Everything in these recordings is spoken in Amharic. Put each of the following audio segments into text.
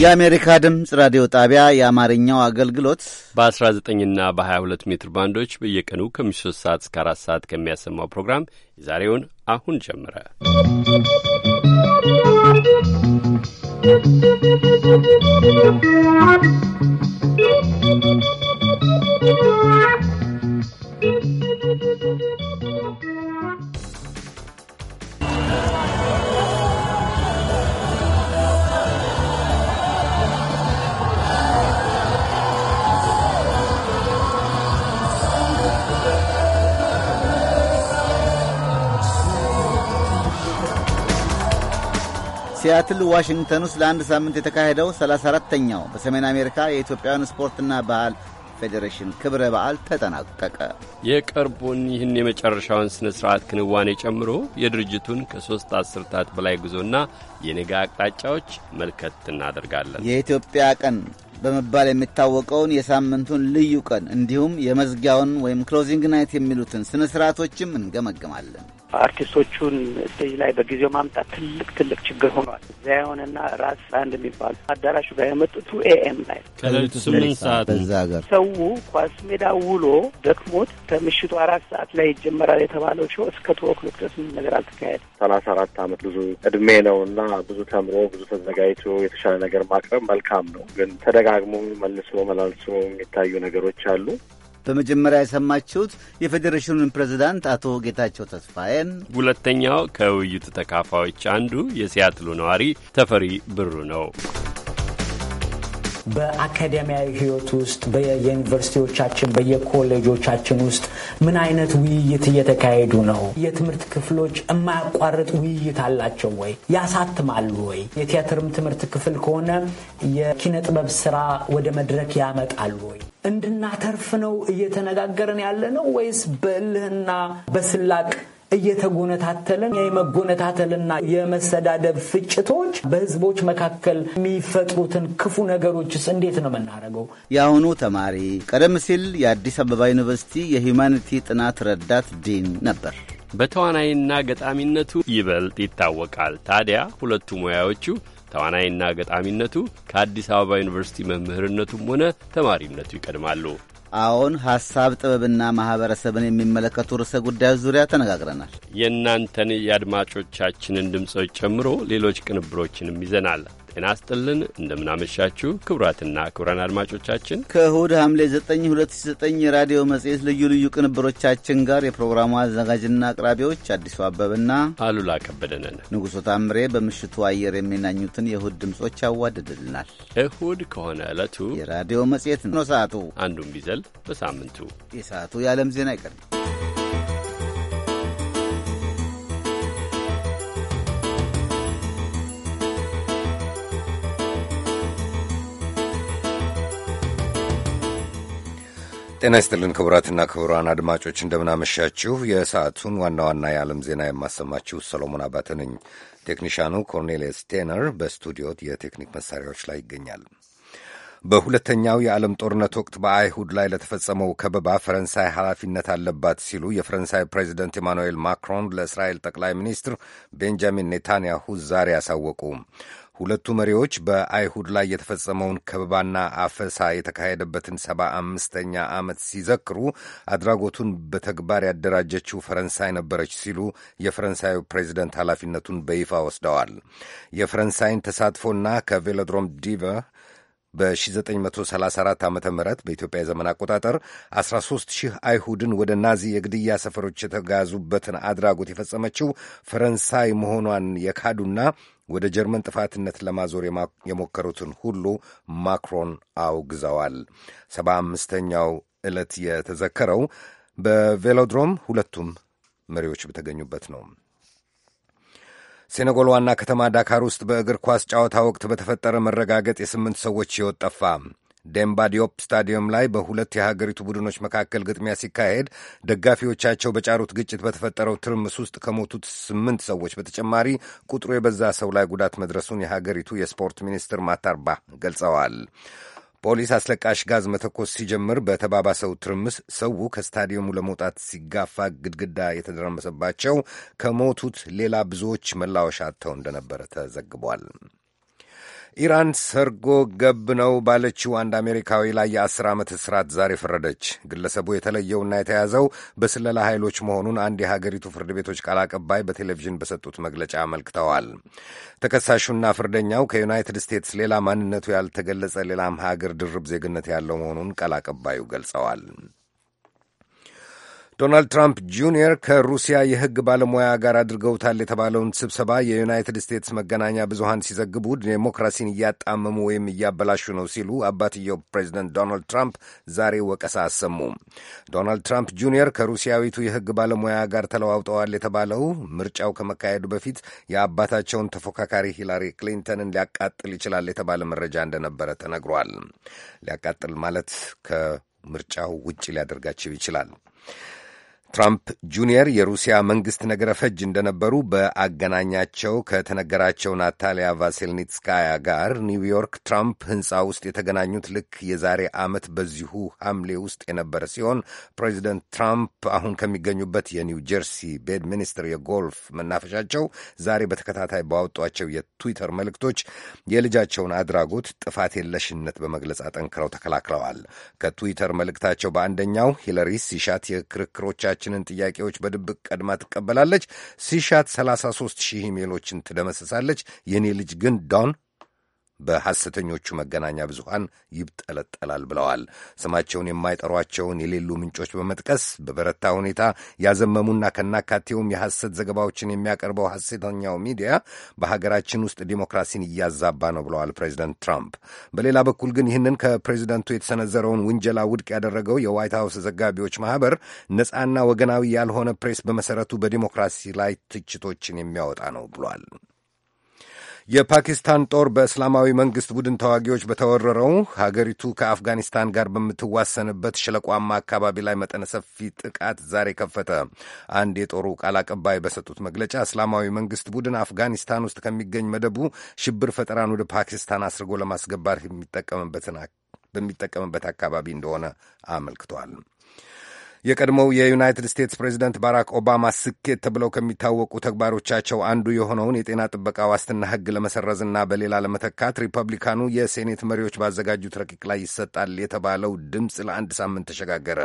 የአሜሪካ ድምፅ ራዲዮ ጣቢያ የአማርኛው አገልግሎት በ19ና በ22 ሜትር ባንዶች በየቀኑ ከምሽቱ 3 ሰዓት እስከ 4 ሰዓት ከሚያሰማው ፕሮግራም የዛሬውን አሁን ጀምረ ሲያትል ዋሽንግተን ውስጥ ለአንድ ሳምንት የተካሄደው 34ተኛው በሰሜን አሜሪካ የኢትዮጵያውያን ስፖርትና ባህል ፌዴሬሽን ክብረ በዓል ተጠናቀቀ። የቅርቡን ይህን የመጨረሻውን ስነ ስርዓት ክንዋኔ ጨምሮ የድርጅቱን ከሶስት አስርታት በላይ ጉዞና የነገ አቅጣጫዎች መልከት እናደርጋለን። የኢትዮጵያ ቀን በመባል የሚታወቀውን የሳምንቱን ልዩ ቀን እንዲሁም የመዝጊያውን ወይም ክሎዚንግ ናይት የሚሉትን ስነ ስርዓቶችም እንገመግማለን። አርቲስቶቹን ስቴጅ ላይ በጊዜው ማምጣት ትልቅ ትልቅ ችግር ሆኗል። እዚያ ራስ አንድ የሚባሉ አዳራሹ ጋር የመጡት ቱ ኤኤም ላይ ከሌሊቱ ስምንት ሰዓት በዛ ሀገር ሰው ኳስ ሜዳ ውሎ ደክሞት ከምሽቱ አራት ሰዓት ላይ ይጀመራል የተባለው ሾ እስከ ቱ ኦክሎክ ድረስ ምን ነገር አልተካሄደም። ሰላሳ አራት አመት ብዙ እድሜ ነው እና ብዙ ተምሮ ብዙ ተዘጋጅቶ የተሻለ ነገር ማቅረብ መልካም ነው። ግን ተደጋግሞ መልሶ መላልሶ የሚታዩ ነገሮች አሉ። በመጀመሪያ የሰማችሁት የፌዴሬሽኑን ፕሬዚዳንት አቶ ጌታቸው ተስፋዬን፣ ሁለተኛው ከውይይቱ ተካፋዮች አንዱ የሲያትሉ ነዋሪ ተፈሪ ብሩ ነው። በአካዳሚያዊ ህይወት ውስጥ በየዩኒቨርሲቲዎቻችን በየኮሌጆቻችን ውስጥ ምን አይነት ውይይት እየተካሄዱ ነው? የትምህርት ክፍሎች የማያቋርጥ ውይይት አላቸው ወይ? ያሳትማሉ ወይ? የቲያትርም ትምህርት ክፍል ከሆነ የኪነ ጥበብ ስራ ወደ መድረክ ያመጣሉ ወይ? እንድናተርፍ ነው እየተነጋገርን ያለ ነው ወይስ በእልህና በስላቅ እየተጎነታተልን የመጎነታተልና የመሰዳደብ ፍጭቶች በህዝቦች መካከል የሚፈጥሩትን ክፉ ነገሮችስ እንዴት ነው የምናደርገው? የአሁኑ ተማሪ ቀደም ሲል የአዲስ አበባ ዩኒቨርሲቲ የሂውማኒቲ ጥናት ረዳት ዲን ነበር። በተዋናይና ገጣሚነቱ ይበልጥ ይታወቃል። ታዲያ ሁለቱ ሙያዎቹ ተዋናይና ገጣሚነቱ ከአዲስ አበባ ዩኒቨርሲቲ መምህርነቱም ሆነ ተማሪነቱ ይቀድማሉ። አዎን፣ ሀሳብ ጥበብና ማህበረሰብን የሚመለከቱ ርዕሰ ጉዳዮች ዙሪያ ተነጋግረናል። የእናንተን የአድማጮቻችንን ድምፆች ጨምሮ ሌሎች ቅንብሮችንም ይዘናል። ጤና ስጥልን እንደምናመሻችሁ ክቡራትና ክቡራን አድማጮቻችን ከእሁድ ሐምሌ 9 2009 የራዲዮ መጽሔት ልዩ ልዩ ቅንብሮቻችን ጋር የፕሮግራሙ አዘጋጅና አቅራቢዎች አዲሱ አበብና አሉላ ከበደነን ንጉሶ ታምሬ በምሽቱ አየር የሚናኙትን የእሁድ ድምፆች ያዋድድልናል። እሁድ ከሆነ ዕለቱ የራዲዮ መጽሔት ነው። ሰዓቱ አንዱም ቢዘል በሳምንቱ የሰዓቱ የዓለም ዜና ይቀርብ ጤና ይስጥልን ክቡራትና ክቡራን አድማጮች እንደምናመሻችሁ። የሰዓቱን ዋና ዋና የዓለም ዜና የማሰማችሁ ሰሎሞን አባተ ነኝ። ቴክኒሻኑ ኮርኔሊየስ ቴነር በስቱዲዮ የቴክኒክ መሳሪያዎች ላይ ይገኛል። በሁለተኛው የዓለም ጦርነት ወቅት በአይሁድ ላይ ለተፈጸመው ከበባ ፈረንሳይ ኃላፊነት አለባት ሲሉ የፈረንሳይ ፕሬዚደንት ኢማኑኤል ማክሮን ለእስራኤል ጠቅላይ ሚኒስትር ቤንጃሚን ኔታንያሁ ዛሬ አሳወቁ። ሁለቱ መሪዎች በአይሁድ ላይ የተፈጸመውን ከበባና አፈሳ የተካሄደበትን ሰባ አምስተኛ ዓመት ሲዘክሩ አድራጎቱን በተግባር ያደራጀችው ፈረንሳይ ነበረች ሲሉ የፈረንሳዩ ፕሬዚደንት ኃላፊነቱን በይፋ ወስደዋል። የፈረንሳይን ተሳትፎና ከቬሎድሮም ዲቨ በ1934 ዓ ም በኢትዮጵያ የዘመን አቆጣጠር 13 ሺህ አይሁድን ወደ ናዚ የግድያ ሰፈሮች የተጋዙበትን አድራጎት የፈጸመችው ፈረንሳይ መሆኗን የካዱና ወደ ጀርመን ጥፋትነት ለማዞር የሞከሩትን ሁሉ ማክሮን አውግዘዋል። ሰባ አምስተኛው ዕለት የተዘከረው በቬሎድሮም ሁለቱም መሪዎች በተገኙበት ነው። ሴኔጎል ዋና ከተማ ዳካር ውስጥ በእግር ኳስ ጨዋታ ወቅት በተፈጠረ መረጋገጥ የስምንት ሰዎች ሕይወት ጠፋ። ዴምባ ስታዲየም ላይ በሁለት የሀገሪቱ ቡድኖች መካከል ግጥሚያ ሲካሄድ ደጋፊዎቻቸው በጫሩት ግጭት በተፈጠረው ትርምስ ውስጥ ከሞቱት ስምንት ሰዎች በተጨማሪ ቁጥሩ የበዛ ሰው ላይ ጉዳት መድረሱን የሀገሪቱ የስፖርት ሚኒስትር ማታርባ ገልጸዋል። ፖሊስ አስለቃሽ ጋዝ መተኮስ ሲጀምር በተባባሰው ትርምስ ሰው ከስታዲየሙ ለመውጣት ሲጋፋ ግድግዳ የተደረመሰባቸው ከሞቱት ሌላ ብዙዎች መላወሻ አጥተው እንደነበረ ተዘግቧል። ኢራን ሰርጎ ገብ ነው ባለችው አንድ አሜሪካዊ ላይ የአስር ዓመት እስራት ዛሬ ፈረደች። ግለሰቡ የተለየውና የተያዘው በስለላ ኃይሎች መሆኑን አንድ የሀገሪቱ ፍርድ ቤቶች ቃል አቀባይ በቴሌቪዥን በሰጡት መግለጫ አመልክተዋል። ተከሳሹና ፍርደኛው ከዩናይትድ ስቴትስ ሌላ ማንነቱ ያልተገለጸ ሌላም ሀገር ድርብ ዜግነት ያለው መሆኑን ቃል አቀባዩ ገልጸዋል። ዶናልድ ትራምፕ ጁኒየር ከሩሲያ የሕግ ባለሙያ ጋር አድርገውታል የተባለውን ስብሰባ የዩናይትድ ስቴትስ መገናኛ ብዙሃን ሲዘግቡ ዴሞክራሲን እያጣመሙ ወይም እያበላሹ ነው ሲሉ አባትየው ፕሬዚደንት ዶናልድ ትራምፕ ዛሬ ወቀሳ አሰሙ። ዶናልድ ትራምፕ ጁኒየር ከሩሲያዊቱ የሕግ ባለሙያ ጋር ተለዋውጠዋል የተባለው ምርጫው ከመካሄዱ በፊት የአባታቸውን ተፎካካሪ ሂላሪ ክሊንተንን ሊያቃጥል ይችላል የተባለ መረጃ እንደነበረ ተነግሯል። ሊያቃጥል ማለት ከምርጫው ውጭ ሊያደርጋቸው ይችላል። ትራምፕ ጁኒየር የሩሲያ መንግሥት ነገረ ፈጅ እንደነበሩ በአገናኛቸው ከተነገራቸው ናታሊያ ቫሴልኒትስካያ ጋር ኒውዮርክ ትራምፕ ሕንፃ ውስጥ የተገናኙት ልክ የዛሬ ዓመት በዚሁ ሐምሌ ውስጥ የነበረ ሲሆን ፕሬዚደንት ትራምፕ አሁን ከሚገኙበት የኒው ጀርሲ ሚኒስትር የጎልፍ መናፈሻቸው ዛሬ በተከታታይ ባወጧቸው የትዊተር መልእክቶች የልጃቸውን አድራጎት ጥፋት የለሽነት በመግለጽ አጠንክረው ተከላክለዋል። ከትዊተር መልእክታቸው በአንደኛው ሂለሪ ሲሻት የክርክሮቻቸው የብዙዎቻችንን ጥያቄዎች በድብቅ ቀድማ ትቀበላለች። ሲሻት 33 ሺህ ኢሜሎችን ትደመስሳለች። የእኔ ልጅ ግን ዶን በሐሰተኞቹ መገናኛ ብዙሃን ይብጠለጠላል ብለዋል። ስማቸውን የማይጠሯቸውን የሌሉ ምንጮች በመጥቀስ በበረታ ሁኔታ ያዘመሙና ከናካቴውም የሐሰት ዘገባዎችን የሚያቀርበው ሐሰተኛው ሚዲያ በሀገራችን ውስጥ ዲሞክራሲን እያዛባ ነው ብለዋል ፕሬዚደንት ትራምፕ። በሌላ በኩል ግን ይህንን ከፕሬዚደንቱ የተሰነዘረውን ውንጀላ ውድቅ ያደረገው የዋይት ሀውስ ዘጋቢዎች ማኅበር ነጻና ወገናዊ ያልሆነ ፕሬስ በመሠረቱ በዲሞክራሲ ላይ ትችቶችን የሚያወጣ ነው ብሏል። የፓኪስታን ጦር በእስላማዊ መንግሥት ቡድን ተዋጊዎች በተወረረው ሀገሪቱ ከአፍጋኒስታን ጋር በምትዋሰንበት ሸለቋማ አካባቢ ላይ መጠነ ሰፊ ጥቃት ዛሬ ከፈተ። አንድ የጦሩ ቃል አቀባይ በሰጡት መግለጫ እስላማዊ መንግሥት ቡድን አፍጋኒስታን ውስጥ ከሚገኝ መደቡ ሽብር ፈጠራን ወደ ፓኪስታን አስርጎ ለማስገባት የሚጠቀምበትን በሚጠቀምበት አካባቢ እንደሆነ አመልክቷል። የቀድሞው የዩናይትድ ስቴትስ ፕሬዚደንት ባራክ ኦባማ ስኬት ተብለው ከሚታወቁ ተግባሮቻቸው አንዱ የሆነውን የጤና ጥበቃ ዋስትና ሕግ ለመሰረዝና በሌላ ለመተካት ሪፐብሊካኑ የሴኔት መሪዎች ባዘጋጁት ረቂቅ ላይ ይሰጣል የተባለው ድምፅ ለአንድ ሳምንት ተሸጋገረ።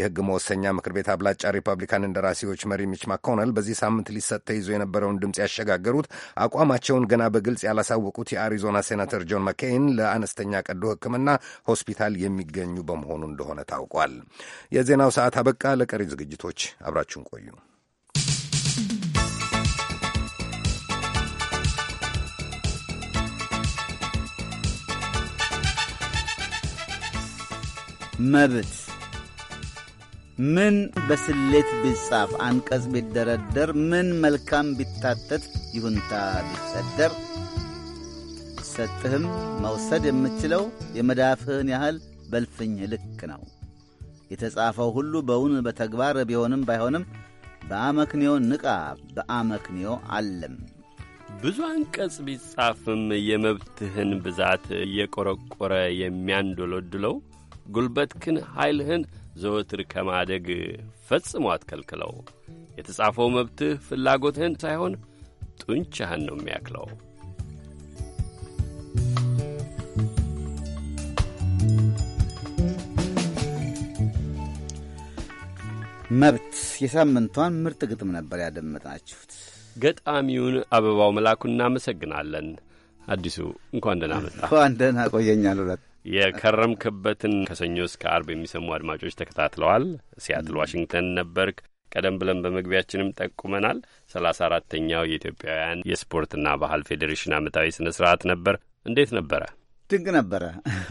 የሕግ መወሰኛ ምክር ቤት አብላጫ ሪፐብሊካን እንደራሴዎች መሪ ሚች ማኮነል በዚህ ሳምንት ሊሰጥ ተይዞ የነበረውን ድምፅ ያሸጋገሩት አቋማቸውን ገና በግልጽ ያላሳወቁት የአሪዞና ሴናተር ጆን መኬይን ለአነስተኛ ቀዶ ሕክምና ሆስፒታል የሚገኙ በመሆኑ እንደሆነ ታውቋል። የዜናው ሰዓት ሰዓት አበቃ። ለቀሪ ዝግጅቶች አብራችሁን ቆዩ። መብት ምን በስሌት ቢጻፍ አንቀጽ ቢደረደር ምን መልካም ቢታተት ይሁንታ ቢሰደር ሰጥህም መውሰድ የምችለው የመዳፍህን ያህል በልፍኝ ልክ ነው። የተጻፈው ሁሉ በውን በተግባር ቢሆንም ባይሆንም በአመክንዮ ንቃ፣ በአመክንዮ አለም። ብዙ አንቀጽ ቢጻፍም የመብትህን ብዛት እየቆረቆረ የሚያንዶለድለው ጉልበትክን ኃይልህን ዘወትር ከማደግ ፈጽሞ አትከልክለው። የተጻፈው መብትህ ፍላጎትህን ሳይሆን ጡንቻህን ነው የሚያክለው። መብት የሳምንቷን ምርጥ ግጥም ነበር ያደመጥናችሁት። ገጣሚውን አበባው መላኩ እናመሰግናለን። አዲሱ እንኳን ደህና መጣ። እንኳን ደህና ቆየኛል። ሁለት የከረምክበትን ከሰኞ እስከ አርብ የሚሰሙ አድማጮች ተከታትለዋል። ሲያትል ዋሽንግተን ነበርክ። ቀደም ብለን በመግቢያችንም ጠቁመናል። ሰላሳ አራተኛው የኢትዮጵያውያን የስፖርትና ባህል ፌዴሬሽን ዓመታዊ ስነ ስርዓት ነበር። እንዴት ነበረ? ድንቅ ነበረ።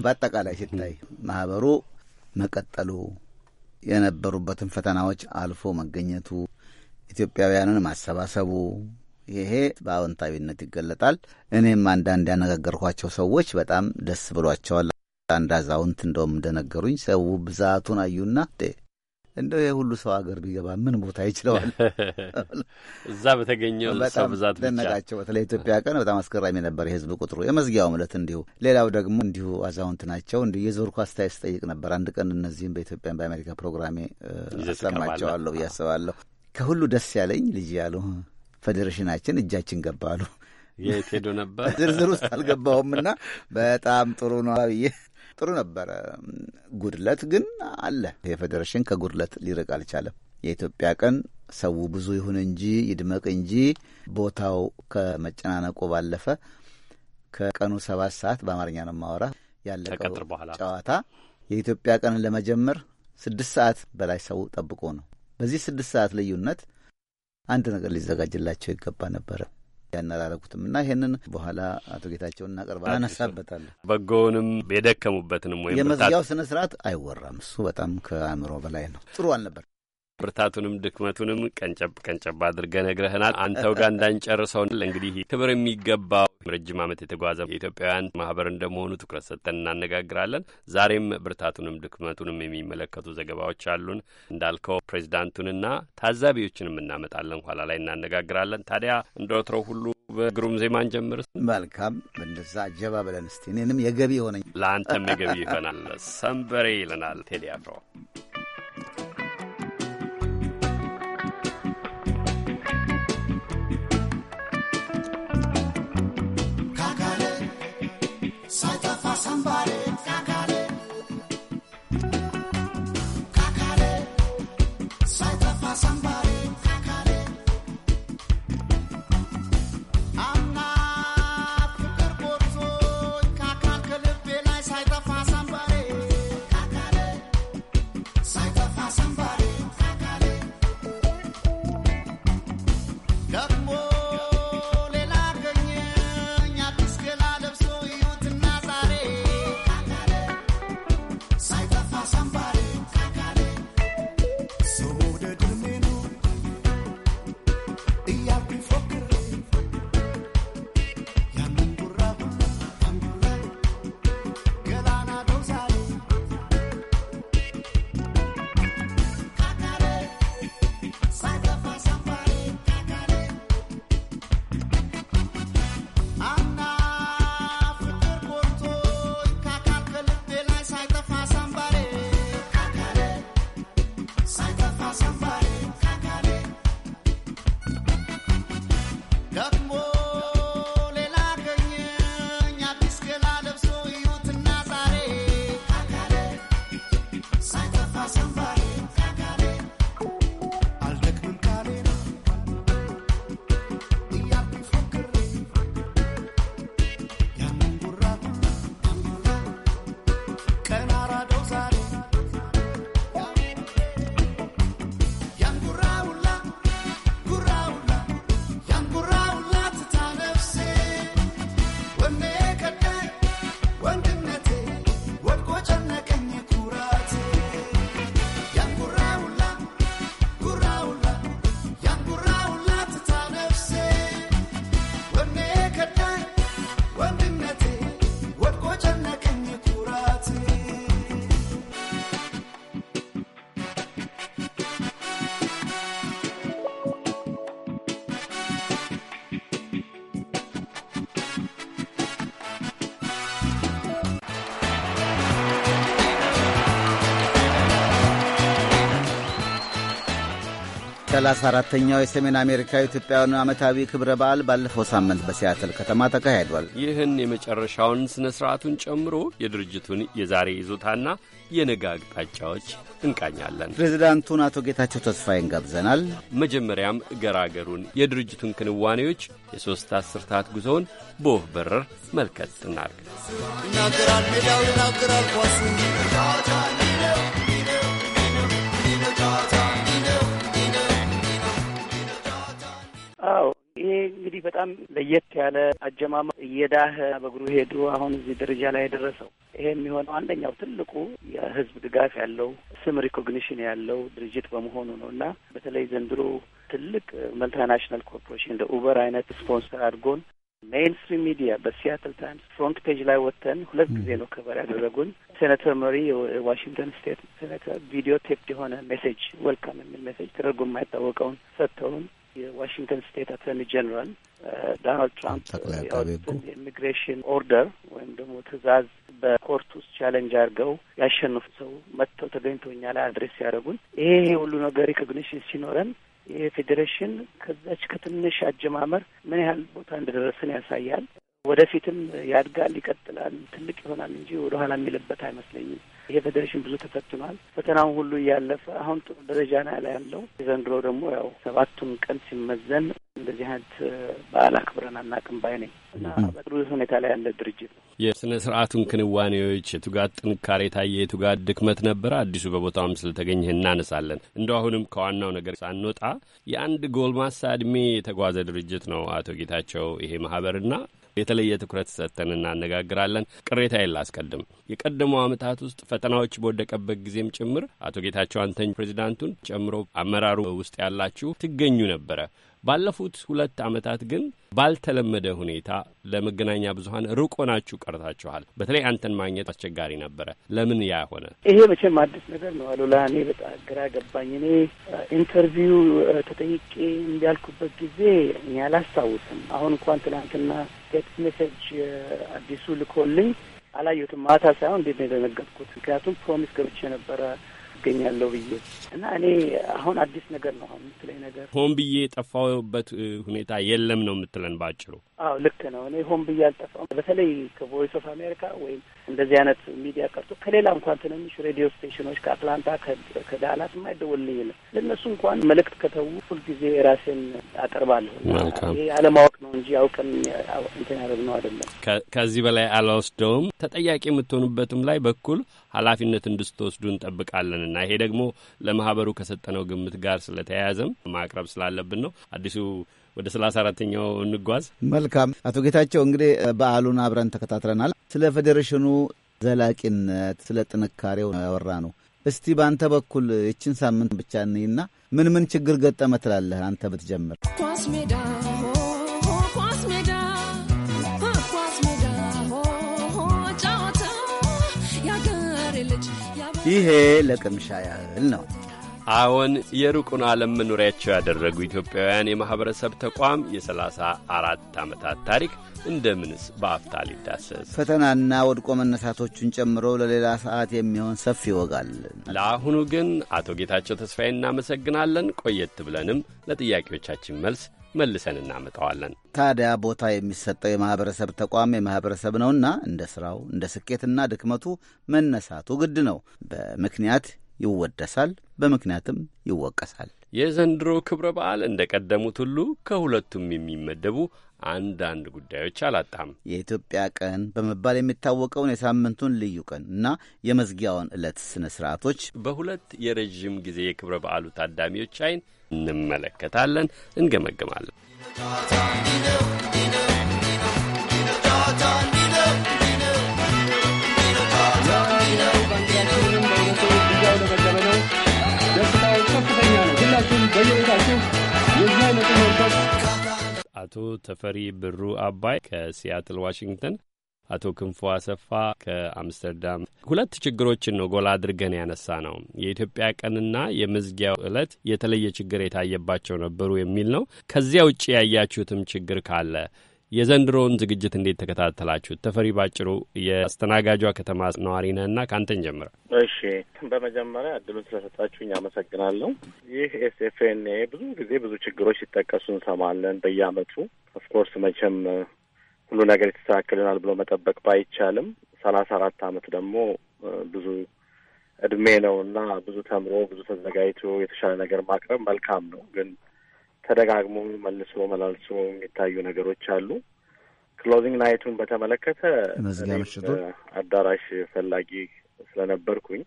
በአጠቃላይ ሲታይ ማህበሩ መቀጠሉ የነበሩበትን ፈተናዎች አልፎ መገኘቱ፣ ኢትዮጵያውያንን ማሰባሰቡ ይሄ በአዎንታዊነት ይገለጣል። እኔም አንዳንድ ያነጋገርኳቸው ሰዎች በጣም ደስ ብሏቸዋል። አንድ አዛውንት እንደውም እንደነገሩኝ ሰው ብዛቱን አዩና እንደው የሁሉ ሰው ሀገር ቢገባ ምን ቦታ ይችለዋል? እዛ በተገኘው ሰው ብዛት ደነቃቸው። በተለይ ኢትዮጵያ ቀን በጣም አስገራሚ ነበር የህዝብ ቁጥሩ የመዝጊያው ዕለት እንዲሁ። ሌላው ደግሞ እንዲሁ አዛውንት ናቸው። እንዲሁ የዞርኩ አስተያየት ስጠይቅ ነበር። አንድ ቀን እነዚህም በኢትዮጵያን በአሜሪካ ፕሮግራሜ አሰማቸዋለሁ ብዬ አስባለሁ። ከሁሉ ደስ ያለኝ ልጅ ያሉ ፌዴሬሽናችን እጃችን ገባ አሉ። የት ሄዶ ነበር ዝርዝር ውስጥ አልገባሁም እና በጣም ጥሩ ነው ብዬ ጥሩ ነበረ። ጉድለት ግን አለ። የፌዴሬሽን ከጉድለት ሊርቅ አልቻለም። የኢትዮጵያ ቀን ሰው ብዙ ይሁን እንጂ ይድመቅ እንጂ ቦታው ከመጨናነቁ ባለፈ ከቀኑ ሰባት ሰዓት በአማርኛ ነው ማወራ ያለቀው ጨዋታ የኢትዮጵያ ቀንን ለመጀመር ስድስት ሰዓት በላይ ሰው ጠብቆ ነው። በዚህ ስድስት ሰዓት ልዩነት አንድ ነገር ሊዘጋጅላቸው ይገባ ነበረ። ያነራረኩትም እና ይሄንን በኋላ አቶ ጌታቸውን እናቀርባለን፣ አነሳበታለን። በጎውንም የደከሙበትንም ወይም የመዝጊያው ስነ ስርዓት አይወራም። እሱ በጣም ከአእምሮ በላይ ነው። ጥሩ አልነበር። ብርታቱንም ድክመቱንም ቀንጨብ ቀንጨብ አድርገ ነግረህናል። አንተው ጋር እንዳንጨርሰው እንግዲህ ክብር የሚገባው ረጅም ዓመት የተጓዘ የኢትዮጵያውያን ማህበር እንደመሆኑ ትኩረት ሰጥተን እናነጋግራለን። ዛሬም ብርታቱንም ድክመቱንም የሚመለከቱ ዘገባዎች አሉን። እንዳልከው ፕሬዚዳንቱንና ታዛቢዎችንም እናመጣለን፣ ኋላ ላይ እናነጋግራለን። ታዲያ እንደ ወትሮው ሁሉ በግሩም ዜማን ጀምር። መልካም እንደዛ አጀባ ብለን እስቲ እኔንም የገቢ ሆነኝ ለአንተም የገቢ ይሆናል። ሰንበሬ ይለናል ቴዲ አፍሮ ሰላሳ አራተኛው የሰሜን አሜሪካ ኢትዮጵያውያኑ ዓመታዊ ክብረ በዓል ባለፈው ሳምንት በሲያትል ከተማ ተካሂዷል። ይህን የመጨረሻውን ሥነ ሥርዓቱን ጨምሮ የድርጅቱን የዛሬ ይዞታና የነገ አቅጣጫዎች እንቃኛለን። ፕሬዚዳንቱን አቶ ጌታቸው ተስፋዬን ገብዘናል። መጀመሪያም ገራገሩን የድርጅቱን ክንዋኔዎች የሦስት አስርታት ጉዞውን በወህ በረር መልከት እናርግ። አዎ ይሄ እንግዲህ በጣም ለየት ያለ አጀማመር እየዳህ በእግሩ ሄዱ አሁን እዚህ ደረጃ ላይ የደረሰው ይሄ የሚሆነው አንደኛው ትልቁ የህዝብ ድጋፍ ያለው ስም ሪኮግኒሽን ያለው ድርጅት በመሆኑ ነው እና በተለይ ዘንድሮ ትልቅ መልቲናሽናል ኮርፖሬሽን እንደ ኡበር አይነት ስፖንሰር አድርጎን ሜይንስትሪም ሚዲያ በሲያትል ታይምስ ፍሮንት ፔጅ ላይ ወጥተን ሁለት ጊዜ ነው ከበር ያደረጉን። ሴኔተር መሪ የዋሽንግተን ስቴት ሴኔተር ቪዲዮ ቴፕድ የሆነ ሜሴጅ ወልካም የሚል ሜሴጅ ተደርጎ የማይታወቀውን ሰጥተውን የዋሽንግተን ስቴት አተርኒ ጀነራል ዶናልድ ትራምፕ ያወጡትን የኢሚግሬሽን ኦርደር ወይም ደግሞ ትእዛዝ በኮርት ውስጥ ቻለንጅ አድርገው ያሸንፉ ሰው መጥተው ተገኝቶ እኛ ላይ አድሬስ ያደረጉን ይሄ ሁሉ ነገር ሪኮግኒሽን ሲኖረን ይሄ ፌዴሬሽን ከዛች ከትንሽ አጀማመር ምን ያህል ቦታ እንደደረስን ያሳያል። ወደፊትም ያድጋል፣ ይቀጥላል፣ ትልቅ ይሆናል እንጂ ወደኋላ የሚልበት አይመስለኝም። ይሄ ፌዴሬሽን ብዙ ተፈትኗል። ፈተናውን ሁሉ እያለፈ አሁን ጥሩ ደረጃ ላይ ያለው ዘንድሮ ደግሞ ያው ሰባቱም ቀን ሲመዘን እንደዚህ አይነት በዓል አክብረን አናቅም ባይ ነኝ እና በጥሩ ሁኔታ ላይ ያለ ድርጅት ነው። የስነ ስርዓቱን ክንዋኔዎች የቱጋት ጥንካሬ ታየ፣ የቱጋት ድክመት ነበረ። አዲሱ በቦታውም ስለተገኘ እናነሳለን። እንደ አሁንም ከዋናው ነገር ሳንወጣ የአንድ ጎልማሳ እድሜ የተጓዘ ድርጅት ነው አቶ ጌታቸው ይሄ ማህበርና የተለየ ትኩረት ሰጥተን እናነጋግራለን። ቅሬታ የለ አስቀድም የቀደሙ ዓመታት ውስጥ ፈተናዎች በወደቀበት ጊዜም ጭምር አቶ ጌታቸው አንተኝ ፕሬዚዳንቱን ጨምሮ አመራሩ ውስጥ ያላችሁ ትገኙ ነበረ። ባለፉት ሁለት ዓመታት ግን ባልተለመደ ሁኔታ ለመገናኛ ብዙኃን ሩቅ ሆናችሁ ቀርታችኋል። በተለይ አንተን ማግኘት አስቸጋሪ ነበረ። ለምን ያ ሆነ? ይሄ መቼም አዲስ ነገር ነው አሉላ። እኔ በጣም ግራ ገባኝ። እኔ ኢንተርቪው ተጠይቄ እንዲያልኩበት ጊዜ እኔ አላስታውስም። አሁን እንኳን ትናንትና ቴክስት ሜሴጅ አዲሱ ልኮልኝ አላየሁትም። ማታ ሳይሆን እንዴት ነው የደነገጥኩት? ምክንያቱም ፕሮሚስ ገብቼ ነበረ እገኛለሁ ብዬ እና እኔ አሁን አዲስ ነገር ነው አሁን የምትለኝ ነገር ሆን ብዬ የጠፋሁበት ሁኔታ የለም ነው የምትለን ባጭሩ? አዎ ልክ ነው። እኔ ሆን ብዬ አልጠፋም። በተለይ ከቮይስ ኦፍ አሜሪካ ወይም እንደዚህ አይነት ሚዲያ ቀርቶ ከሌላ እንኳን ትንንሽ ሬዲዮ ስቴሽኖች ከአትላንታ፣ ከዳላት የማይደወልልኝ የለም። ለእነሱ እንኳን መልእክት ከተዉ ሁልጊዜ ራሴን አቀርባለሁ። ይሄ አለማወቅ ነው እንጂ አውቀን እንትን ያደርግ ነው አይደለም። ከዚህ በላይ አልወስደውም። ተጠያቂ የምትሆኑበትም ላይ በኩል ኃላፊነት እንድትወስዱ እንጠብቃለንና ይሄ ደግሞ ለማህበሩ ከሰጠነው ግምት ጋር ስለተያያዘም ማቅረብ ስላለብን ነው አዲሱ ወደ ሰላሳ አራተኛው እንጓዝ። መልካም አቶ ጌታቸው እንግዲህ በዓሉን አብረን ተከታትለናል። ስለ ፌዴሬሽኑ ዘላቂነት፣ ስለ ጥንካሬው ያወራ ነው። እስቲ በአንተ በኩል ይችን ሳምንት ብቻ እንይና ምን ምን ችግር ገጠመ ትላለህ አንተ ብትጀምር? ኳስ ሜዳ ይሄ ለቅምሻ ያህል ነው። አዎን የሩቁን ዓለም መኖሪያቸው ያደረጉ ኢትዮጵያውያን የማኅበረሰብ ተቋም የሰላሳ አራት ዓመታት ታሪክ እንደምንስ በአፍታ ሊዳሰስ ፈተናና ወድቆ መነሳቶቹን ጨምሮ ለሌላ ሰዓት የሚሆን ሰፊ ይወጋል። ለአሁኑ ግን አቶ ጌታቸው ተስፋዬ እናመሰግናለን። ቆየት ብለንም ለጥያቄዎቻችን መልስ መልሰን እናመጣዋለን። ታዲያ ቦታ የሚሰጠው የማኅበረሰብ ተቋም የማኅበረሰብ ነውና እንደ ሥራው እንደ ስኬትና ድክመቱ መነሳቱ ግድ ነው። በምክንያት ይወደሳል፣ በምክንያትም ይወቀሳል። የዘንድሮ ክብረ በዓል እንደ ቀደሙት ሁሉ ከሁለቱም የሚመደቡ አንዳንድ ጉዳዮች አላጣም። የኢትዮጵያ ቀን በመባል የሚታወቀውን የሳምንቱን ልዩ ቀን እና የመዝጊያውን ዕለት ስነ ስርዓቶች በሁለት የረዥም ጊዜ የክብረ በዓሉ ታዳሚዎች አይን እንመለከታለን፣ እንገመግማለን። አቶ ተፈሪ ብሩ አባይ ከሲያትል ዋሽንግተን፣ አቶ ክንፎ አሰፋ ከአምስተርዳም ሁለት ችግሮችን ነው ጎላ አድርገን ያነሳ ነው። የኢትዮጵያ ቀንና የመዝጊያው ዕለት የተለየ ችግር የታየባቸው ነበሩ የሚል ነው። ከዚያ ውጭ ያያችሁትም ችግር ካለ የዘንድሮውን ዝግጅት እንዴት ተከታተላችሁ ተፈሪ ባጭሩ የአስተናጋጇ ከተማ ነዋሪ ነህና ከአንተን ጀምረ። እሺ፣ በመጀመሪያ እድሉን ስለሰጣችሁኝ አመሰግናለሁ። ይህ ኤስኤፍኤንኤ ብዙ ጊዜ ብዙ ችግሮች ሲጠቀሱ እንሰማለን በየአመቱ። ኦፍኮርስ መቼም ሁሉ ነገር ይስተካከልናል ብሎ መጠበቅ ባይቻልም ሰላሳ አራት አመት ደግሞ ብዙ እድሜ ነው እና ብዙ ተምሮ ብዙ ተዘጋጅቶ የተሻለ ነገር ማቅረብ መልካም ነው ግን ተደጋግሞ መልሶ መላልሶ የሚታዩ ነገሮች አሉ። ክሎዚንግ ናይቱን በተመለከተ መዝጊያ አዳራሽ ፈላጊ ስለነበርኩኝ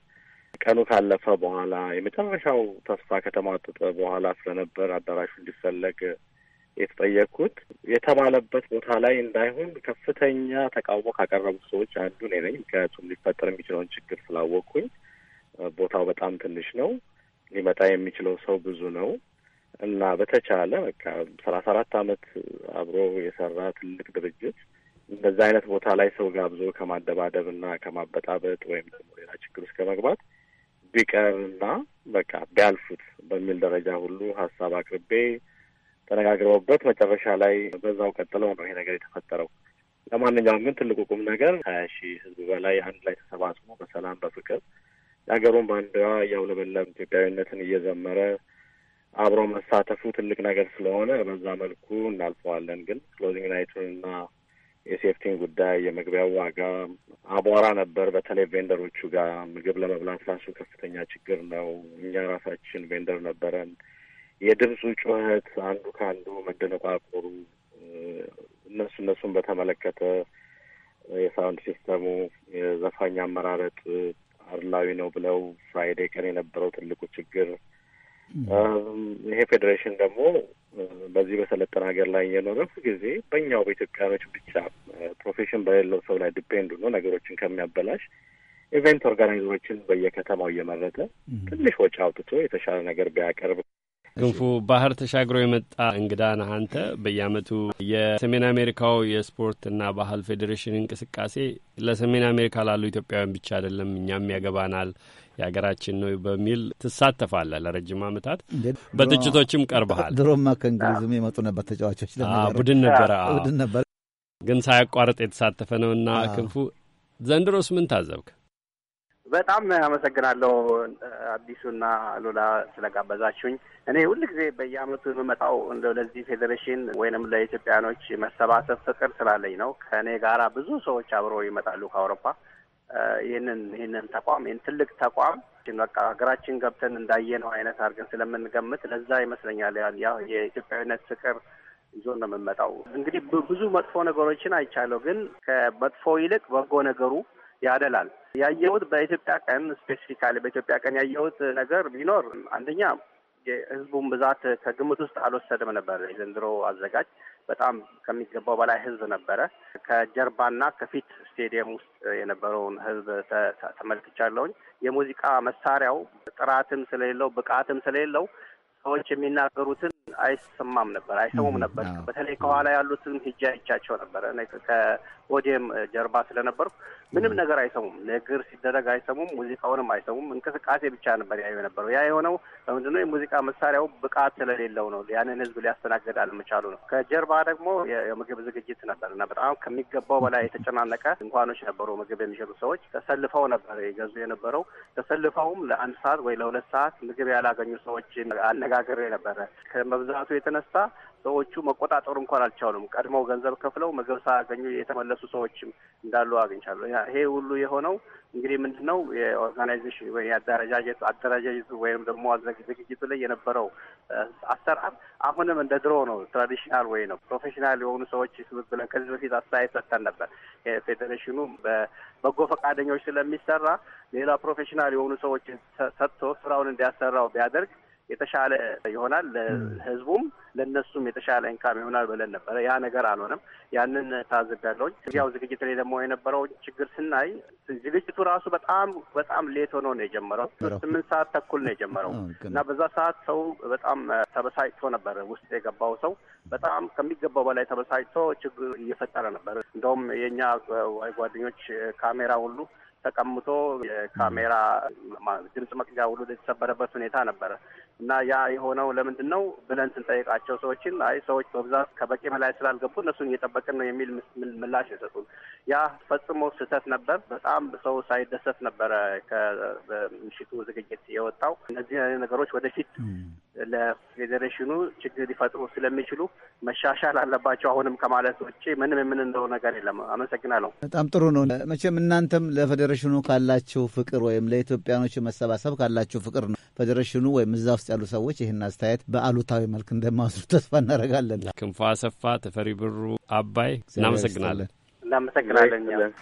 ቀኑ ካለፈ በኋላ የመጨረሻው ተስፋ ከተሟጠጠ በኋላ ስለነበር አዳራሹ እንዲፈለግ የተጠየቅኩት የተባለበት ቦታ ላይ እንዳይሆን ከፍተኛ ተቃውሞ ካቀረቡት ሰዎች አንዱ እኔ ነኝ። ምክንያቱም ሊፈጠር የሚችለውን ችግር ስላወቅኩኝ ቦታው በጣም ትንሽ ነው፣ ሊመጣ የሚችለው ሰው ብዙ ነው። እና በተቻለ በቃ ሰላሳ አራት አመት አብሮ የሰራ ትልቅ ድርጅት እንደዛ አይነት ቦታ ላይ ሰው ጋብዞ ከማደባደብ እና ከማበጣበጥ ወይም ደግሞ ሌላ ችግር ውስጥ ከመግባት ቢቀርና በቃ ቢያልፉት በሚል ደረጃ ሁሉ ሀሳብ አቅርቤ ተነጋግረውበት መጨረሻ ላይ በዛው ቀጥለው ነው ይሄ ነገር የተፈጠረው። ለማንኛውም ግን ትልቁ ቁም ነገር ሀያ ሺህ ህዝብ በላይ አንድ ላይ ተሰባስቦ በሰላም በፍቅር የሀገሩን ባንዲራ እያውለበለብ ኢትዮጵያዊነትን እየዘመረ አብሮ መሳተፉ ትልቅ ነገር ስለሆነ በዛ መልኩ እናልፈዋለን። ግን ክሎዚንግ እና የሴፍቲን ጉዳይ የመግቢያው ዋጋ አቧራ ነበር። በተለይ ቬንደሮቹ ጋር ምግብ ለመብላት ራሱ ከፍተኛ ችግር ነው። እኛ ራሳችን ቬንደር ነበረን። የድምፁ ጩኸት አንዱ ከአንዱ መደነቋቁሩ፣ እነሱ እነሱን በተመለከተ የሳውንድ ሲስተሙ የዘፋኝ አመራረጥ አድላዊ ነው ብለው ፍራይዴ ቀን የነበረው ትልቁ ችግር ይሄ ፌዴሬሽን ደግሞ በዚህ በሰለጠነ ሀገር ላይ እየኖረ ጊዜ በእኛው በኢትዮጵያኖች ብቻ ፕሮፌሽን በሌለው ሰው ላይ ዲፔንድ ሆኖ ነገሮችን ከሚያበላሽ ኢቨንት ኦርጋናይዘሮችን በየከተማው እየመረጠ ትንሽ ወጪ አውጥቶ የተሻለ ነገር ቢያቀርብ ክንፉ ባህር ተሻግሮ የመጣ እንግዳ ነህ አንተ። የሰሜን አሜሪካው የስፖርትና ባህል ፌዴሬሽን እንቅስቃሴ ለሰሜን አሜሪካ ላሉ ኢትዮጵያውያን ብቻ አይደለም፣ እኛም ያገባናል የሀገራችን ነው በሚል ትሳተፋለህ ለረጅም ዓመታት በትችቶችም ቀርበሃል። ድሮማ ከእንግሊዝም የመጡ ነበር ተጫዋቾች ቡድን ነበረ ቡድን ነበር ግን ሳያቋርጥ የተሳተፈ እና ክንፉ ዘንድሮስ ምን ታዘብክ? በጣም አመሰግናለሁ አዲሱና ሉላ ስለጋበዛችሁኝ። እኔ ጊዜ በየአመቱ የምመጣው እንደው ለዚህ ፌዴሬሽን ወይንም ለኢትዮጵያኖች መሰባሰብ ፍቅር ስላለኝ ነው። ከእኔ ጋራ ብዙ ሰዎች አብረው ይመጣሉ ከአውሮፓ ይህንን ይህንን ተቋም ይህን ትልቅ ተቋም በቃ ሀገራችን ገብተን እንዳየነው አይነት አድርገን ስለምንገምት ለዛ ይመስለኛል ያው የኢትዮጵያዊነት ፍቅር ይዞ ነው የምንመጣው። እንግዲህ ብዙ መጥፎ ነገሮችን አይቻለሁ፣ ግን ከመጥፎ ይልቅ በጎ ነገሩ ያደላል። ያየሁት በኢትዮጵያ ቀን ስፔሲፊካሊ በኢትዮጵያ ቀን ያየሁት ነገር ቢኖር አንደኛ የህዝቡን ብዛት ከግምት ውስጥ አልወሰድም ነበር የዘንድሮ አዘጋጅ በጣም ከሚገባው በላይ ህዝብ ነበረ። ከጀርባና ከፊት ስቴዲየም ውስጥ የነበረውን ህዝብ ተመልክቻለሁኝ። የሙዚቃ መሳሪያው ጥራትም ስለሌለው ብቃትም ስለሌለው ሰዎች የሚናገሩትን አይሰማም ነበር፣ አይሰሙም ነበር። በተለይ ከኋላ ያሉትም ሂጃ ይቻቸው ነበረ። ከኦዲየም ጀርባ ስለነበርኩ ምንም ነገር አይሰሙም። ንግግር ሲደረግ አይሰሙም፣ ሙዚቃውንም አይሰሙም። እንቅስቃሴ ብቻ ነበር ያዩ ነበረው። ያ የሆነው በምንድነው የሙዚቃ መሳሪያው ብቃት ስለሌለው ነው። ያንን ህዝብ ሊያስተናግድ አልመቻሉ ነው። ከጀርባ ደግሞ የምግብ ዝግጅት ነበር እና በጣም ከሚገባው በላይ የተጨናነቀ ድንኳኖች ነበሩ። ምግብ የሚሸጡ ሰዎች ተሰልፈው ነበር ይገዙ የነበረው። ተሰልፈውም ለአንድ ሰዓት ወይ ለሁለት ሰዓት ምግብ ያላገኙ ሰዎች አነጋግሬ ነበረ። ከመብዛቱ የተነሳ ሰዎቹ መቆጣጠሩ እንኳን አልቻሉም። ቀድመው ገንዘብ ከፍለው ምግብ ሳያገኙ የተመለሱ ሰዎችም እንዳሉ አግኝቻሉ። ይሄ ሁሉ የሆነው እንግዲህ ምንድን ነው የኦርጋናይዜሽን ወይ የአደረጃጀቱ አደረጃጀቱ ወይም ደግሞ ዝግጅቱ ላይ የነበረው አሰራር አሁንም እንደ ድሮ ነው። ትራዲሽናል ወይ ነው ፕሮፌሽናል የሆኑ ሰዎች ብለን ከዚህ በፊት አስተያየት ሰጥተን ነበር። ፌዴሬሽኑ በበጎ ፈቃደኞች ስለሚሰራ ሌላ ፕሮፌሽናል የሆኑ ሰዎች ሰጥቶ ስራውን እንዲያሰራው ቢያደርግ የተሻለ ይሆናል፣ ለህዝቡም ለእነሱም የተሻለ ኢንካም ይሆናል ብለን ነበረ። ያ ነገር አልሆነም። ያንን ታዝቢያለሁኝ። እዚያው ዝግጅት ላይ ደግሞ የነበረው ችግር ስናይ ዝግጅቱ ራሱ በጣም በጣም ሌት ሆኖ ነው የጀመረው። ስምንት ሰዓት ተኩል ነው የጀመረው እና በዛ ሰዓት ሰው በጣም ተበሳጭቶ ነበር። ውስጥ የገባው ሰው በጣም ከሚገባው በላይ ተበሳጭቶ ችግር እየፈጠረ ነበር። እንደውም የእኛ ጓደኞች ካሜራ ሁሉ ተቀምጦ የካሜራ ድምፅ መቅጃ ሁሉ የተሰበረበት ሁኔታ ነበረ እና ያ የሆነው ለምንድን ነው ብለን ስንጠይቃቸው ሰዎችን አይ ሰዎች በብዛት ከበቂ በላይ ስላልገቡ እነሱን እየጠበቅን ነው የሚል ምላሽ የሰጡን። ያ ፈጽሞ ስህተት ነበር። በጣም ሰው ሳይደሰት ነበረ ከምሽቱ ዝግጅት የወጣው። እነዚህ ነገሮች ወደፊት ለፌዴሬሽኑ ችግር ሊፈጥሩ ስለሚችሉ መሻሻል አለባቸው አሁንም ከማለት ውጭ ምንም የምንለው ነገር የለም። አመሰግናለሁ። በጣም ጥሩ ነው። መቼም እናንተም ለፌዴ ለፌዴሬሽኑ ካላችሁ ፍቅር ወይም ለኢትዮጵያኖች መሰባሰብ ካላችሁ ፍቅር ነው። ፌዴሬሽኑ ወይም እዛ ውስጥ ያሉ ሰዎች ይህን አስተያየት በአሉታዊ መልክ እንደማወስዱ ተስፋ እናደርጋለን። ክንፋ ሰፋ፣ ተፈሪ ብሩ፣ አባይ እናመሰግናለን። እናመሰግናለን።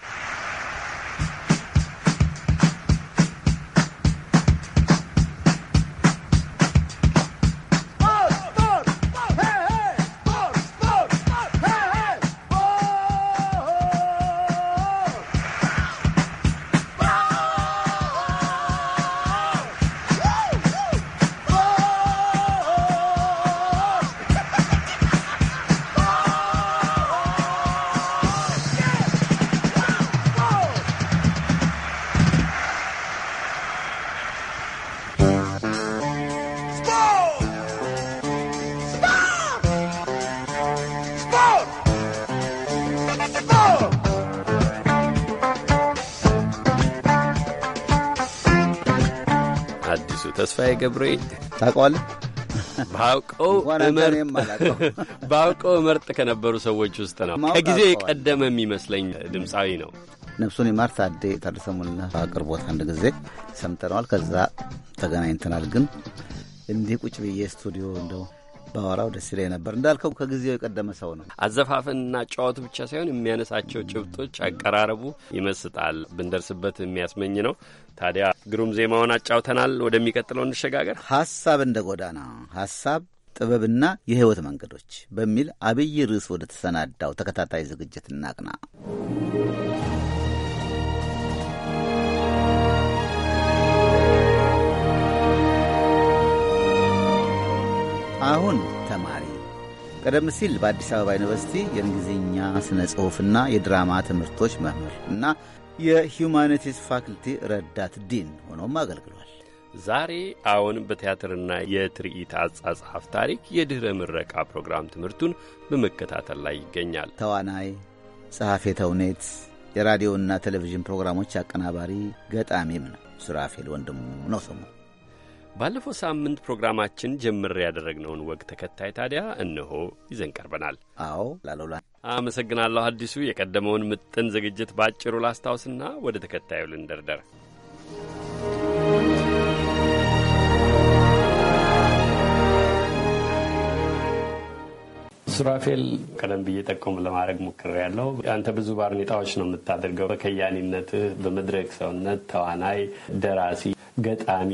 ተስፋዬ ገብሬ ታውቀዋለህ? ባውቀው ባውቀው ምርጥ ከነበሩ ሰዎች ውስጥ ነው። ከጊዜ የቀደመ የሚመስለኝ ድምፃዊ ነው። ነፍሱን ይማር ታዴ ታደሰሙልና አቅርቦት አንድ ጊዜ ሰምተነዋል። ከዛ ተገናኝተናል። ግን እንዲህ ቁጭ ብዬ ስቱዲዮ እንደው በአወራው ደስ ይለኝ ነበር። እንዳልከው ከጊዜው የቀደመ ሰው ነው። አዘፋፈንና ጨዋቱ ብቻ ሳይሆን የሚያነሳቸው ጭብጦች፣ አቀራረቡ ይመስጣል። ብንደርስበት የሚያስመኝ ነው። ታዲያ ግሩም ዜማውን አጫውተናል። ወደሚቀጥለው እንሸጋገር። ሀሳብ እንደ ጎዳና ሀሳብ ጥበብና የህይወት መንገዶች በሚል አብይ ርዕስ ወደ ተሰናዳው ተከታታይ ዝግጅት እናቅና። አሁን ተማሪ ቀደም ሲል በአዲስ አበባ ዩኒቨርሲቲ የእንግሊዝኛ ስነ ጽሑፍና የድራማ ትምህርቶች መምህር እና የሂዩማኒቲስ ፋክልቲ ረዳት ዲን ሆኖም አገልግሏል። ዛሬ አሁን በቲያትርና የትርኢት አጻጻፍ ታሪክ የድኅረ ምረቃ ፕሮግራም ትምህርቱን በመከታተል ላይ ይገኛል። ተዋናይ፣ ጸሐፌ ተውኔት፣ የራዲዮና ቴሌቪዥን ፕሮግራሞች አቀናባሪ፣ ገጣሚም ነው። ሱራፌል ወንድሙ ነው ስሙ። ባለፈው ሳምንት ፕሮግራማችን ጀምር ያደረግነውን ወግ ተከታይ ታዲያ እነሆ ይዘን ቀርበናል። አዎ ላሎላ አመሰግናለሁ አዲሱ። የቀደመውን ምጥን ዝግጅት በአጭሩ ላስታውስና ወደ ተከታዩ ልንደርደር። ሱራፌል ቀደም ብዬ ጠቆም ለማድረግ ሞክሬ ያለው አንተ ብዙ ባርኔጣዎች ነው የምታደርገው። በከያኒነትህ በመድረክ ሰውነት ተዋናይ፣ ደራሲ ገጣሚ፣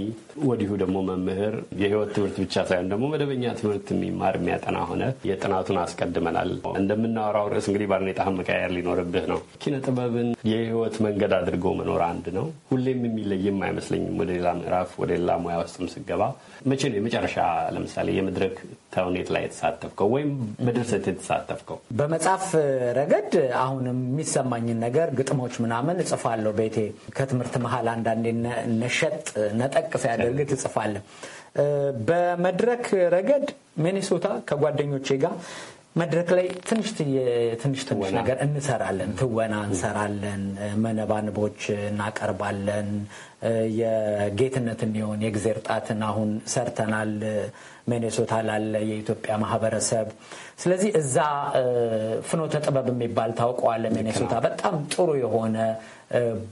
ወዲሁ ደግሞ መምህር የህይወት ትምህርት ብቻ ሳይሆን ደግሞ መደበኛ ትምህርት የሚማር የሚያጠና ሆነ የጥናቱን አስቀድመናል። እንደምናወራው ርዕስ እንግዲህ ባርኔጣ መቀየር ሊኖርብህ ነው። ኪነ ጥበብን የህይወት መንገድ አድርጎ መኖር አንድ ነው፣ ሁሌም የሚለይም አይመስለኝም። ወደ ሌላ ምዕራፍ፣ ወደ ሌላ ሙያ ውስጥም ስገባ መቼ ነው የመጨረሻ ለምሳሌ የመድረክ ተውኔት ላይ የተሳተፍከው ወይም በድርሰት የተሳተፍከው? በመጽሐፍ ረገድ አሁንም የሚሰማኝን ነገር ግጥሞች ምናምን እጽፋለሁ ቤቴ ከትምህርት መሀል አንዳንዴ ነሸጥ ውስጥ ነጠቅ ሲያደርግ ትጽፋለ። በመድረክ ረገድ ሚኒሶታ ከጓደኞቼ ጋር መድረክ ላይ ትንሽ ትንሽ ነገር እንሰራለን። ትወና እንሰራለን፣ መነባንቦች እናቀርባለን። የጌትነት የሚሆን የእግዜር ጣትን አሁን ሰርተናል፣ ሚኔሶታ ላለ የኢትዮጵያ ማህበረሰብ። ስለዚህ እዛ ፍኖተ ጥበብ የሚባል ታውቀዋለህ፣ ሚኔሶታ በጣም ጥሩ የሆነ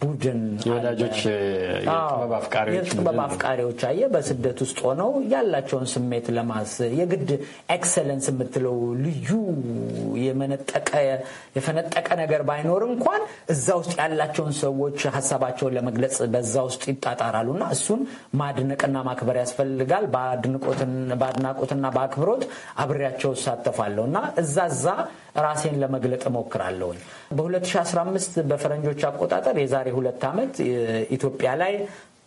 ቡድን የወዳጆች የጥበብ አፍቃሪዎች የጥበብ አፍቃሪዎች በስደት ውስጥ ሆነው ያላቸውን ስሜት ለማስ የግድ ኤክሰለንስ የምትለው ልዩ የመነጠቀ የፈነጠቀ ነገር ባይኖር እንኳን እዛ ውስጥ ያላቸውን ሰዎች ሀሳባቸውን ለመግለጽ በዛ ውስጥ ይጣጣራሉ እና እሱን ማድነቅና ማክበር ያስፈልጋል። በአድናቆትና በአክብሮት አብሬያቸው እሳተፋለሁ እና እዛ እዛ ራሴን ለመግለጥ እሞክራለሁኝ በ2015 በፈረንጆች አቆጣ አቆጣጠር የዛሬ ሁለት ዓመት ኢትዮጵያ ላይ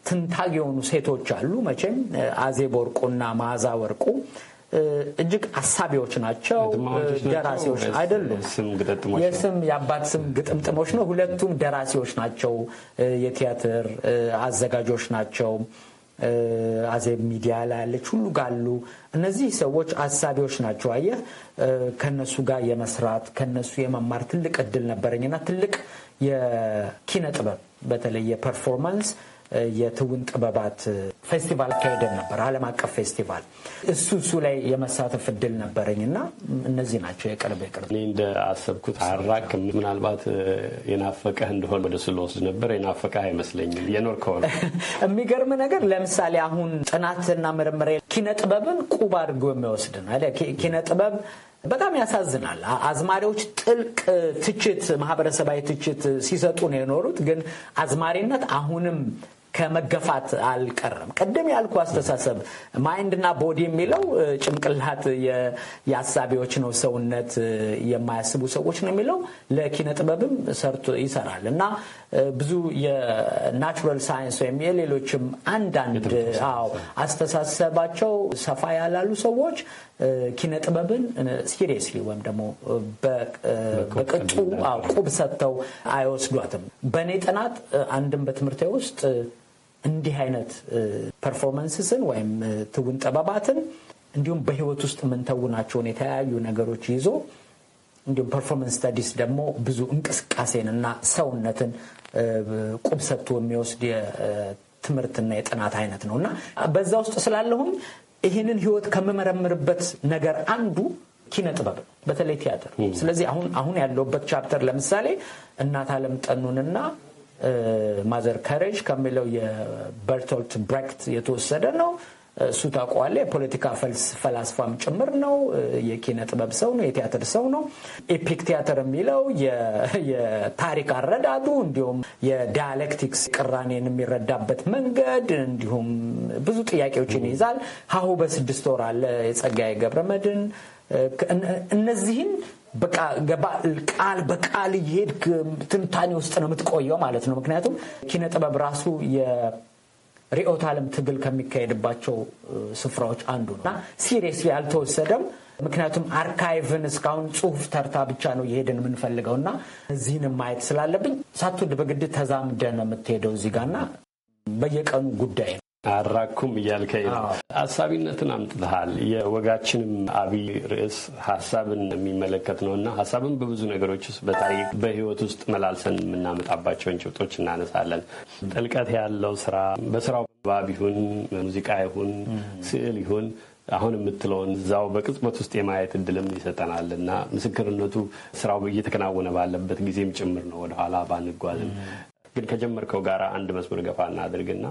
ትንታግ የሆኑ ሴቶች አሉ። መቼም አዜብ ወርቁና መዓዛ ወርቁ እጅግ አሳቢዎች ናቸው። ደራሲዎች አይደሉም። የስም የአባት ስም ግጥምጥሞች ነው። ሁለቱም ደራሲዎች ናቸው። የቲያትር አዘጋጆች ናቸው። አዜብ ሚዲያ ላይ ያለች ሁሉ ጋሉ እነዚህ ሰዎች አሳቢዎች ናቸው። አየህ ከነሱ ጋር የመስራት ከነሱ የመማር ትልቅ እድል ነበረኝና ትልቅ የኪነ ጥበብ በተለይ የፐርፎርማንስ የትውን ጥበባት ፌስቲቫል አካሄደን ነበር፣ ዓለም አቀፍ ፌስቲቫል። እሱ እሱ ላይ የመሳተፍ እድል ነበረኝ እና እነዚህ ናቸው የቅርብ የቅርብ። እኔ እንደ አሰብኩት አራክ ምናልባት የናፈቀህ እንደሆን ወደ እሱ ልወስድ ነበር። የናፈቀህ አይመስለኝም የኖር ከሆነ የሚገርም ነገር። ለምሳሌ አሁን ጥናትና ምርምሬ ኪነ ጥበብን ቁብ አድርጎ የሚወስድ ነው። ኪነ ጥበብ በጣም ያሳዝናል። አዝማሪዎች ጥልቅ ትችት፣ ማህበረሰባዊ ትችት ሲሰጡ ነው የኖሩት። ግን አዝማሪነት አሁንም ከመገፋት አልቀረም። ቅድም ያልኩ አስተሳሰብ ማይንድና ቦዲ የሚለው ጭንቅላት የአሳቢዎች ነው፣ ሰውነት የማያስቡ ሰዎች ነው የሚለው ለኪነ ጥበብም ሰርቶ ይሰራል እና ብዙ የናቹራል ሳይንስ ወይም የሌሎችም አንዳንድ አዎ አስተሳሰባቸው ሰፋ ያላሉ ሰዎች ኪነ ጥበብን ሲሪየስሊ ወይም ደግሞ በቅጡ ቁብ ሰጥተው አይወስዷትም። በእኔ ጥናት አንድም በትምህርቴ ውስጥ እንዲህ አይነት ፐርፎርመንስስን ወይም ትውን ጥበባትን እንዲሁም በህይወት ውስጥ የምንተውናቸውን የተለያዩ ነገሮች ይዞ እንዲሁም ፐርፎርመንስ ስታዲስ ደግሞ ብዙ እንቅስቃሴን እና ሰውነትን ቁም ሰጥቶ የሚወስድ የትምህርትና የጥናት አይነት ነው እና በዛ ውስጥ ስላለሁም ይህንን ህይወት ከምመረምርበት ነገር አንዱ ኪነ ጥበብ በተለይ ቲያትር። ስለዚህ አሁን አሁን ያለውበት ቻፕተር ለምሳሌ እናት አለም ጠኑንና ማዘር ከሬጅ ከሚለው የበርቶልት ብሬክት የተወሰደ ነው። እሱ ታውቀዋለህ። የፖለቲካ ፈላስፋም ጭምር ነው። የኪነ ጥበብ ሰው ነው። የቲያትር ሰው ነው። ኤፒክ ቲያትር የሚለው የታሪክ አረዳዱ፣ እንዲሁም የዳያሌክቲክስ ቅራኔን የሚረዳበት መንገድ፣ እንዲሁም ብዙ ጥያቄዎችን ይይዛል። ሀሁ በስድስት ወር አለ የጸጋዬ ገብረ መድን እነዚህን ቃል በቃል እየሄድክ ትንታኔ ውስጥ ነው የምትቆየው ማለት ነው። ምክንያቱም ኪነ ጥበብ ራሱ የርዕዮተ ዓለም ትግል ከሚካሄድባቸው ስፍራዎች አንዱ ነው እና ሲሪየስ ያልተወሰደም ምክንያቱም አርካይቭን እስካሁን ጽሁፍ ተርታ ብቻ ነው የሄድን የምንፈልገው እና እዚህን ማየት ስላለብኝ ሳትወድ በግድ ተዛምደህ ነው የምትሄደው እዚህ ጋር እና በየቀኑ ጉዳይ ነው። አራኩም እያልከኝ ነው። አሳቢነትን አምጥተሃል። የወጋችንም አብይ ርዕስ ሀሳብን የሚመለከት ነው እና ሀሳብን በብዙ ነገሮች ውስጥ በታሪክ በህይወት ውስጥ መላልሰን የምናመጣባቸውን ጭብጦች እናነሳለን። ጥልቀት ያለው ስራ በስራው ባብ ይሁን ሙዚቃ ይሁን ስዕል ይሁን አሁን የምትለውን እዛው በቅጽበት ውስጥ የማየት እድልም ይሰጠናል እና ምስክርነቱ ስራው እየተከናወነ ባለበት ጊዜም ጭምር ነው። ወደኋላ ባንጓዝም ግን ከጀመርከው ጋር አንድ መስመር ገፋ እናድርግና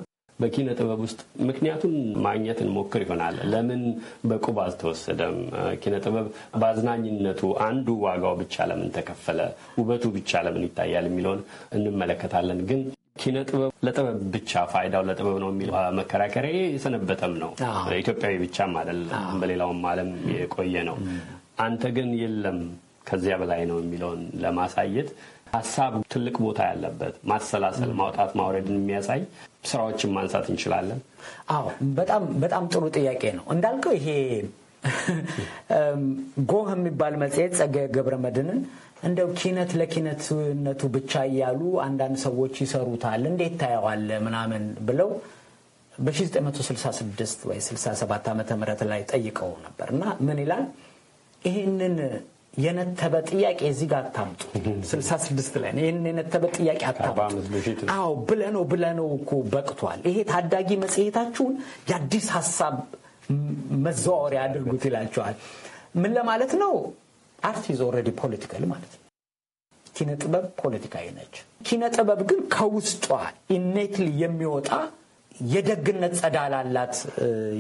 በኪነ ጥበብ ውስጥ ምክንያቱን ማግኘት እንሞክር ይሆናል። ለምን በቁብ አልተወሰደም? ኪነ ጥበብ በአዝናኝነቱ አንዱ ዋጋው ብቻ ለምን ተከፈለ? ውበቱ ብቻ ለምን ይታያል? የሚለውን እንመለከታለን። ግን ኪነ ጥበብ ለጥበብ ብቻ ፋይዳው ለጥበብ ነው የሚለው መከራከሪያ የሰነበተም ነው። ኢትዮጵያዊ ብቻም አይደል፣ በሌላውም ዓለም የቆየ ነው። አንተ ግን የለም ከዚያ በላይ ነው የሚለውን ለማሳየት ሀሳብ ትልቅ ቦታ ያለበት ማሰላሰል፣ ማውጣት ማውረድን የሚያሳይ ስራዎችን ማንሳት እንችላለን። አዎ በጣም በጣም ጥሩ ጥያቄ ነው እንዳልከው ይሄ ጎህ የሚባል መጽሔት ጸጋዬ ገብረ መድኅንን እንደው ኪነት ለኪነትነቱ ብቻ እያሉ አንዳንድ ሰዎች ይሰሩታል፣ እንዴት ታየዋለ ምናምን ብለው በ1966 ወይ 67 ዓ ም ላይ ጠይቀው ነበር እና ምን ይላል ይህንን የነተበ ጥያቄ እዚህ ጋር አታምጡ። 66 ላይ ይህን የነተበ ጥያቄ አታምጡ። አዎ ብለነው ብለነው እኮ በቅቷል። ይሄ ታዳጊ መጽሔታችሁን የአዲስ ሀሳብ መዘዋወሪያ አድርጉት ይላቸዋል። ምን ለማለት ነው? አርት ኢዝ ኦልሬዲ ፖለቲካል ማለት ነው። ኪነ ጥበብ ፖለቲካዊ ነች። ኪነ ጥበብ ግን ከውስጧ ኢኔትሊ የሚወጣ የደግነት ጸዳል አላት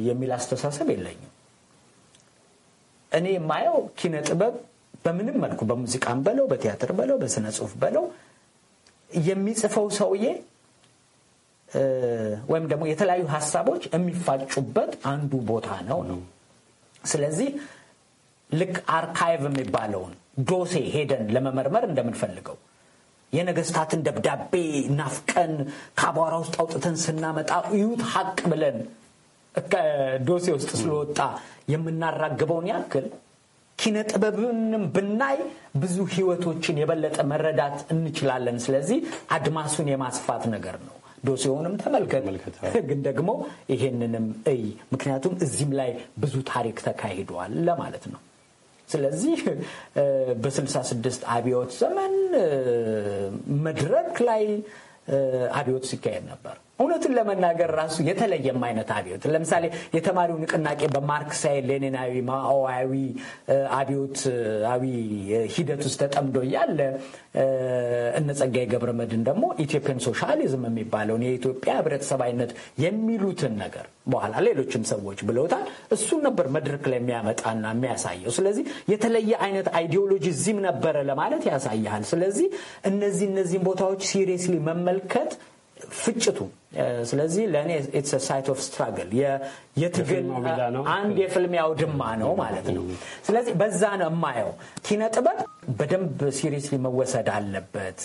የሚል አስተሳሰብ የለኝም። እኔ የማየው ኪነ ጥበብ በምንም መልኩ በሙዚቃም በለው በቲያትር በለው በስነ ጽሁፍ በለው የሚጽፈው ሰውዬ ወይም ደግሞ የተለያዩ ሀሳቦች የሚፋጩበት አንዱ ቦታ ነው ነው ስለዚህ ልክ አርካይቭ የሚባለውን ዶሴ ሄደን ለመመርመር እንደምንፈልገው የነገስታትን ደብዳቤ ናፍቀን ከአቧራ ውስጥ አውጥተን ስናመጣ እዩት ሀቅ ብለን ዶሴ ውስጥ ስለወጣ የምናራግበውን ያክል ኪነ ጥበብንም ብናይ ብዙ ህይወቶችን የበለጠ መረዳት እንችላለን። ስለዚህ አድማሱን የማስፋት ነገር ነው። ዶሴውንም ተመልከት፣ ግን ደግሞ ይሄንንም እይ። ምክንያቱም እዚህም ላይ ብዙ ታሪክ ተካሂደዋል ለማለት ነው። ስለዚህ በ66 አብዮት ዘመን መድረክ ላይ አብዮት ሲካሄድ ነበር። እውነቱን ለመናገር ራሱ የተለየም አይነት አብዮት ለምሳሌ የተማሪው ንቅናቄ በማርክሳዊ ሌኒናዊ ማኦዊ አብዮታዊ ሂደት ውስጥ ተጠምዶ እያለ እነ ጸጋዬ ገብረ መድኅን ደግሞ ኢትዮጵያን ሶሻሊዝም የሚባለውን የኢትዮጵያ ህብረተሰባዊነት የሚሉትን ነገር በኋላ ሌሎችም ሰዎች ብለውታል። እሱን ነበር መድረክ ላይ የሚያመጣና የሚያሳየው። ስለዚህ የተለየ አይነት አይዲዮሎጂ እዚህም ነበረ ለማለት ያሳይሃል። ስለዚህ እነዚህ እነዚህን ቦታዎች ሲሪየስሊ መመልከት ፍጭቱ። ስለዚህ ለእኔ ኢትስ ሳይት ኦፍ ስትራግል የትግል አንድ የፍልሚያ አውድማ ነው ማለት ነው። ስለዚህ በዛ ነው የማየው። ኪነ ጥበብ በደንብ ሲሪየስሊ መወሰድ አለበት።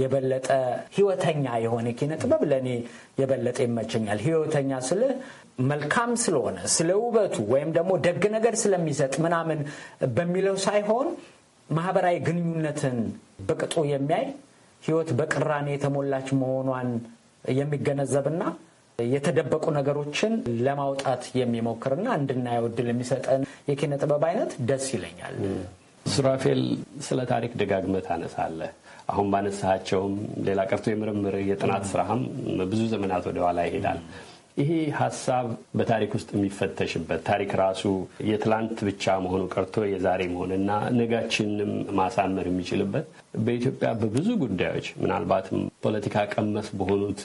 የበለጠ ህይወተኛ የሆነ ኪነ ጥበብ ለእኔ የበለጠ ይመቸኛል። ህይወተኛ ስልህ መልካም ስለሆነ ስለ ውበቱ ወይም ደግሞ ደግ ነገር ስለሚሰጥ ምናምን በሚለው ሳይሆን ማህበራዊ ግንኙነትን በቅጡ የሚያይ ህይወት በቅራኔ የተሞላች መሆኗን የሚገነዘብና የተደበቁ ነገሮችን ለማውጣት የሚሞክርና እንድናየው እድል የሚሰጠን የኪነ ጥበብ አይነት ደስ ይለኛል። ሱራፌል፣ ስለ ታሪክ ደጋግመህ ታነሳለህ። አሁን ባነሳቸውም ሌላ ቀርቶ የምርምር የጥናት ስራህም ብዙ ዘመናት ወደኋላ ይሄዳል። ይሄ ሀሳብ በታሪክ ውስጥ የሚፈተሽበት ታሪክ ራሱ የትላንት ብቻ መሆኑ ቀርቶ የዛሬ መሆንና ነጋችንንም ማሳመር የሚችልበት በኢትዮጵያ በብዙ ጉዳዮች ምናልባትም ፖለቲካ ቀመስ በሆኑት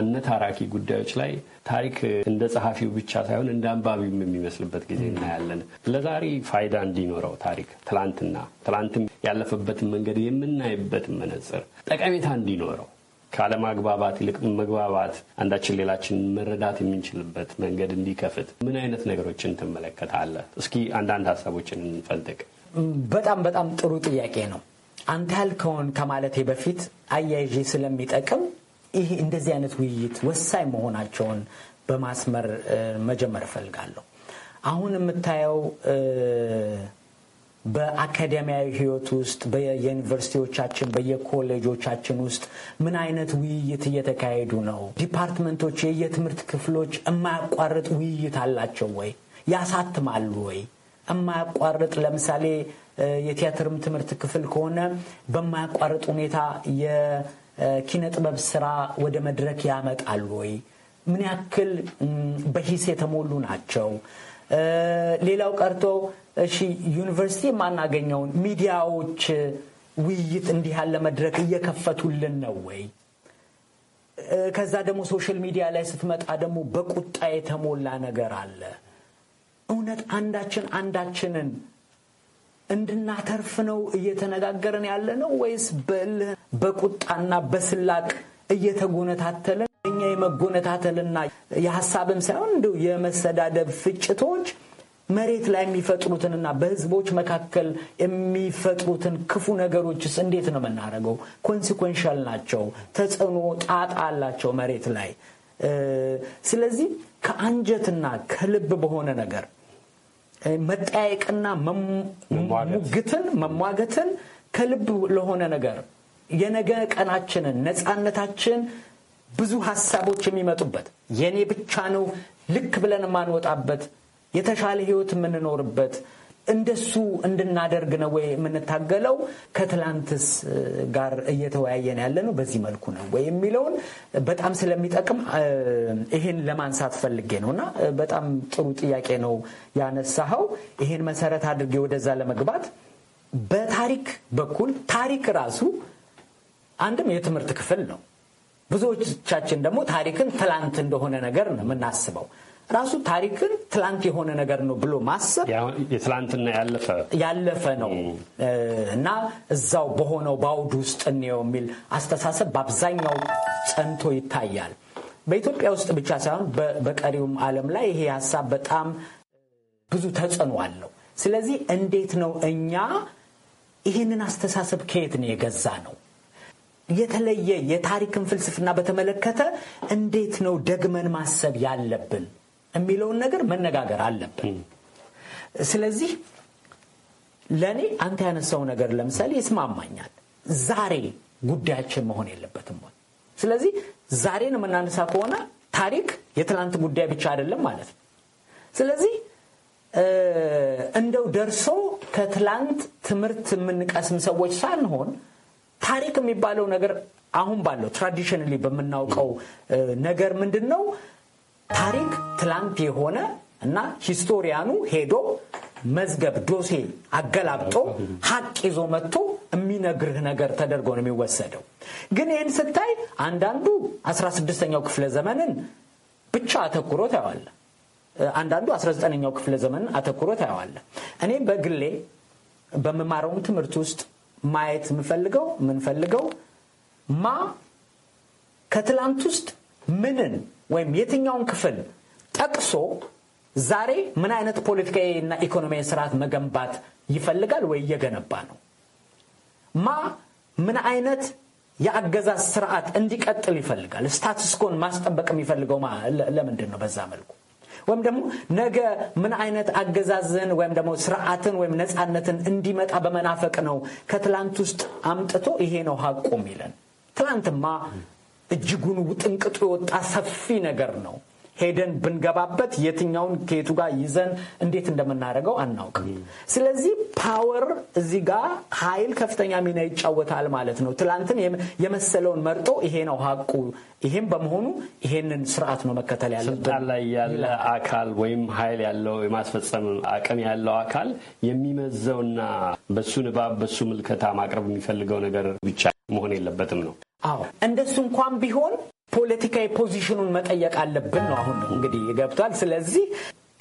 አነታራኪ ጉዳዮች ላይ ታሪክ እንደ ጸሐፊው ብቻ ሳይሆን እንደ አንባቢም የሚመስልበት ጊዜ እናያለን። ለዛሬ ፋይዳ እንዲኖረው ታሪክ ትላንትና ትላንትም ያለፈበትን መንገድ የምናይበት መነጽር ጠቀሜታ እንዲኖረው ካለማግባባት ይልቅ መግባባት፣ አንዳችን ሌላችን መረዳት የምንችልበት መንገድ እንዲከፍት ምን አይነት ነገሮችን ትመለከታለህ? እስኪ አንዳንድ ሀሳቦችን እንፈልጥቅ። በጣም በጣም ጥሩ ጥያቄ ነው። አንተ ያልከውን ከማለቴ በፊት አያይዤ ስለሚጠቅም ይሄ እንደዚህ አይነት ውይይት ወሳኝ መሆናቸውን በማስመር መጀመር እፈልጋለሁ። አሁን የምታየው በአካዳሚያዊ ህይወት ውስጥ በየዩኒቨርሲቲዎቻችን በየኮሌጆቻችን ውስጥ ምን አይነት ውይይት እየተካሄዱ ነው? ዲፓርትመንቶች፣ የየትምህርት ክፍሎች የማያቋርጥ ውይይት አላቸው ወይ? ያሳትማሉ ወይ? የማያቋርጥ ለምሳሌ የቲያትርም ትምህርት ክፍል ከሆነ በማያቋርጥ ሁኔታ የኪነ ጥበብ ስራ ወደ መድረክ ያመጣሉ ወይ? ምን ያክል በሂስ የተሞሉ ናቸው? ሌላው ቀርቶ እሺ ዩኒቨርሲቲ የማናገኘውን ሚዲያዎች ውይይት እንዲህ ያለ መድረክ እየከፈቱልን ነው ወይ? ከዛ ደግሞ ሶሻል ሚዲያ ላይ ስትመጣ ደግሞ በቁጣ የተሞላ ነገር አለ። እውነት አንዳችን አንዳችንን እንድናተርፍ ነው እየተነጋገርን ያለ ነው ወይስ በእልህ በቁጣና በስላቅ እየተጎነታተለ እኛ የመጎነታተልና የሀሳብም ሳይሆን እንዲ የመሰዳደብ ፍጭቶች መሬት ላይ የሚፈጥሩትንና በህዝቦች መካከል የሚፈጥሩትን ክፉ ነገሮችስ እንዴት ነው የምናደርገው? ኮንሲኮንሻል ናቸው፣ ተጽዕኖ ጣጣ አላቸው መሬት ላይ። ስለዚህ ከአንጀትና ከልብ በሆነ ነገር መጠያየቅና ሙግትን፣ መሟገትን ከልብ ለሆነ ነገር የነገ ቀናችንን ነፃነታችን ብዙ ሀሳቦች የሚመጡበት የእኔ ብቻ ነው ልክ ብለን የማንወጣበት የተሻለ ህይወት የምንኖርበት እንደሱ እንድናደርግ ነው ወይ የምንታገለው? ከትላንትስ ጋር እየተወያየን ያለ ነው በዚህ መልኩ ነው ወይ የሚለውን በጣም ስለሚጠቅም ይሄን ለማንሳት ፈልጌ ነው እና በጣም ጥሩ ጥያቄ ነው ያነሳኸው። ይሄን መሰረት አድርጌ ወደዛ ለመግባት በታሪክ በኩል ታሪክ ራሱ አንድም የትምህርት ክፍል ነው ብዙዎቻችን ደግሞ ታሪክን ትላንት እንደሆነ ነገር ነው የምናስበው። ራሱ ታሪክን ትላንት የሆነ ነገር ነው ብሎ ማሰብ የትላንትና ያለፈ ያለፈ ነው እና እዛው በሆነው በአውድ ውስጥ እንየው የሚል አስተሳሰብ በአብዛኛው ጸንቶ ይታያል። በኢትዮጵያ ውስጥ ብቻ ሳይሆን በቀሪውም ዓለም ላይ ይሄ ሀሳብ በጣም ብዙ ተጽዕኖ አለው። ስለዚህ እንዴት ነው እኛ ይህንን አስተሳሰብ ከየት ነው የገዛ ነው? የተለየ የታሪክን ፍልስፍና በተመለከተ እንዴት ነው ደግመን ማሰብ ያለብን የሚለውን ነገር መነጋገር አለብን። ስለዚህ ለእኔ አንተ ያነሳው ነገር ለምሳሌ ይስማማኛል። ዛሬ ጉዳያችን መሆን የለበትም ወይ? ስለዚህ ዛሬን የምናነሳ ከሆነ ታሪክ የትናንት ጉዳይ ብቻ አይደለም ማለት ነው። ስለዚህ እንደው ደርሶ ከትላንት ትምህርት የምንቀስም ሰዎች ሳንሆን ታሪክ የሚባለው ነገር አሁን ባለው ትራዲሽናሊ በምናውቀው ነገር ምንድን ነው ታሪክ ትላንት የሆነ እና ሂስቶሪያኑ ሄዶ መዝገብ ዶሴ አገላብጦ ሀቅ ይዞ መጥቶ የሚነግርህ ነገር ተደርጎ ነው የሚወሰደው። ግን ይህን ስታይ አንዳንዱ 16ኛው ክፍለ ዘመንን ብቻ አተኩሮ ታየዋለ። አንዳንዱ 19ኛው ክፍለ ዘመንን አተኩሮ ታየዋለ። እኔም በግሌ በምማረውም ትምህርት ውስጥ ማየት የምፈልገው የምንፈልገው ማ ከትላንት ውስጥ ምንን ወይም የትኛውን ክፍል ጠቅሶ ዛሬ ምን አይነት ፖለቲካዊ እና ኢኮኖሚያዊ ስርዓት መገንባት ይፈልጋል ወይ እየገነባ ነው? ማ ምን አይነት የአገዛዝ ስርዓት እንዲቀጥል ይፈልጋል? ስታትስኮን ማስጠበቅ የሚፈልገው ለምንድን ነው? በዛ መልኩ ወይም ደግሞ ነገ ምን አይነት አገዛዝን ወይም ደግሞ ስርዓትን ወይም ነፃነትን እንዲመጣ በመናፈቅ ነው ከትላንት ውስጥ አምጥቶ ይሄ ነው ሀቁ ይለን። ትላንትማ እጅጉን ውጥንቅጡ የወጣ ሰፊ ነገር ነው። ሄደን ብንገባበት የትኛውን ከየቱ ጋር ይዘን እንዴት እንደምናደርገው አናውቅም። ስለዚህ ፓወር እዚህ ጋር ኃይል ከፍተኛ ሚና ይጫወታል ማለት ነው። ትላንትን የመሰለውን መርጦ ይሄ ነው ሀቁ፣ ይሄም በመሆኑ ይሄንን ስርዓት ነው መከተል ያለብን። ስልጣን ላይ ያለ አካል ወይም ኃይል ያለው የማስፈጸም አቅም ያለው አካል የሚመዘውና በሱ ንባብ በሱ ምልከታ ማቅረብ የሚፈልገው ነገር ብቻ መሆን የለበትም ነው። አዎ እንደሱ እንኳን ቢሆን ፖለቲካዊ ፖዚሽኑን መጠየቅ አለብን ነው። አሁን እንግዲህ ገብቷል። ስለዚህ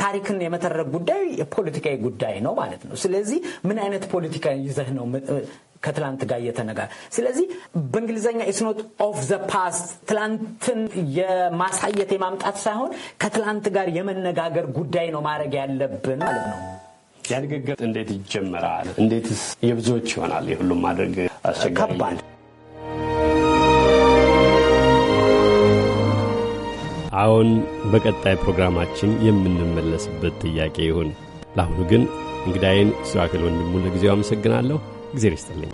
ታሪክን የመተረክ ጉዳይ የፖለቲካዊ ጉዳይ ነው ማለት ነው። ስለዚህ ምን አይነት ፖለቲካ ይዘህ ነው ከትላንት ጋር እየተነጋ ስለዚህ በእንግሊዝኛ ኢስኖት ኦፍ ዘ ፓስት ትላንትን የማሳየት የማምጣት ሳይሆን ከትላንት ጋር የመነጋገር ጉዳይ ነው ማድረግ ያለብን ማለት ነው። ያ ንግግር እንዴት ይጀመራል? እንዴትስ የብዙዎች ይሆናል? የሁሉም ማድረግ አስቸጋሪ አዎን፣ በቀጣይ ፕሮግራማችን የምንመለስበት ጥያቄ ይሁን። ለአሁኑ ግን እንግዳዬን ሱራፌል ወንድሙን ለጊዜው አመሰግናለሁ። እግዜር ይስጥልኝ።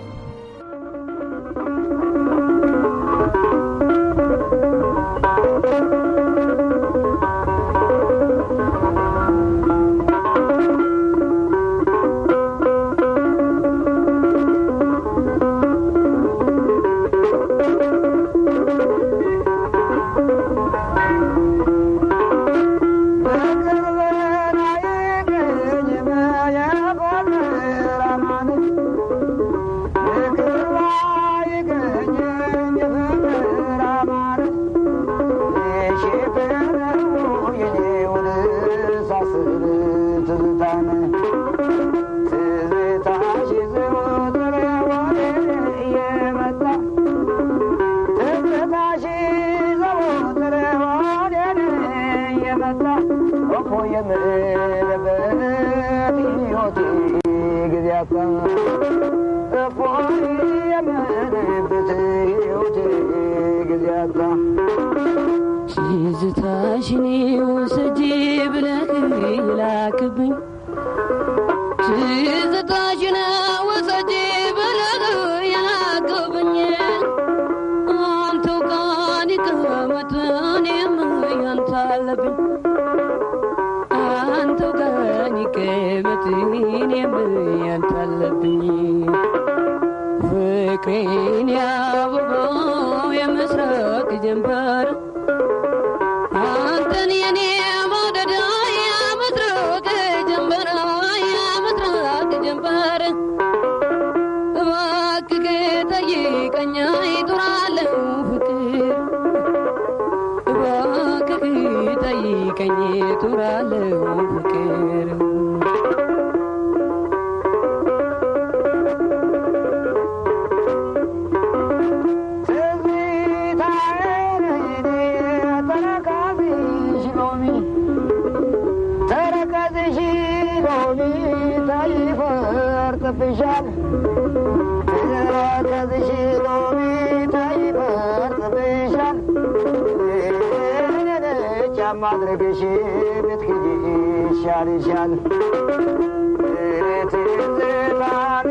ማሽኔ ውሰጂ ብለህ ላክብኝ ትዝታሽን ውሰጂ ብለህ አንተው ጋር ይቀመጥ እኔም አንተው ጋር አለብኝ ፍቅሬን ያበባው የምስራቅ ጀንበር ወደሽ ቤት ሂድ ይሻል ይሻል ትዝታን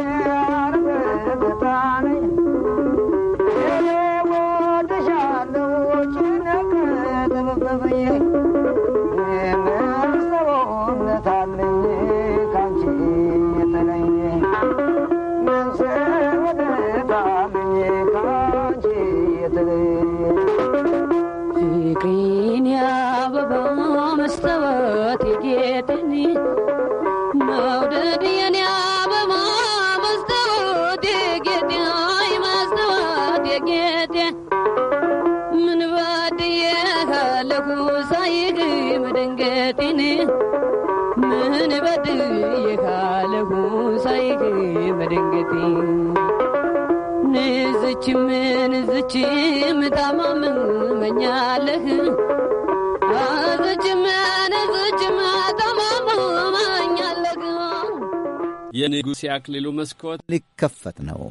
የአክሊሉ መስኮት ሊከፈት ነው።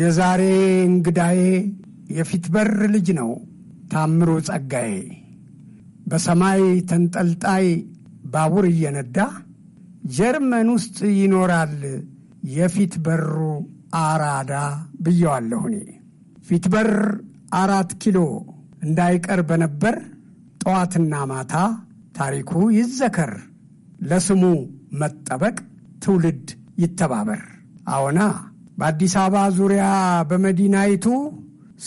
የዛሬ እንግዳዬ የፊት በር ልጅ ነው ታምሩ ጸጋዬ። በሰማይ ተንጠልጣይ ባቡር እየነዳ ጀርመን ውስጥ ይኖራል የፊት በሩ አራዳ ብየዋለሁ እኔ። ፊት በር አራት ኪሎ እንዳይቀር በነበር ጠዋትና ማታ ታሪኩ ይዘከር፣ ለስሙ መጠበቅ ትውልድ ይተባበር። አዎና በአዲስ አበባ ዙሪያ በመዲናይቱ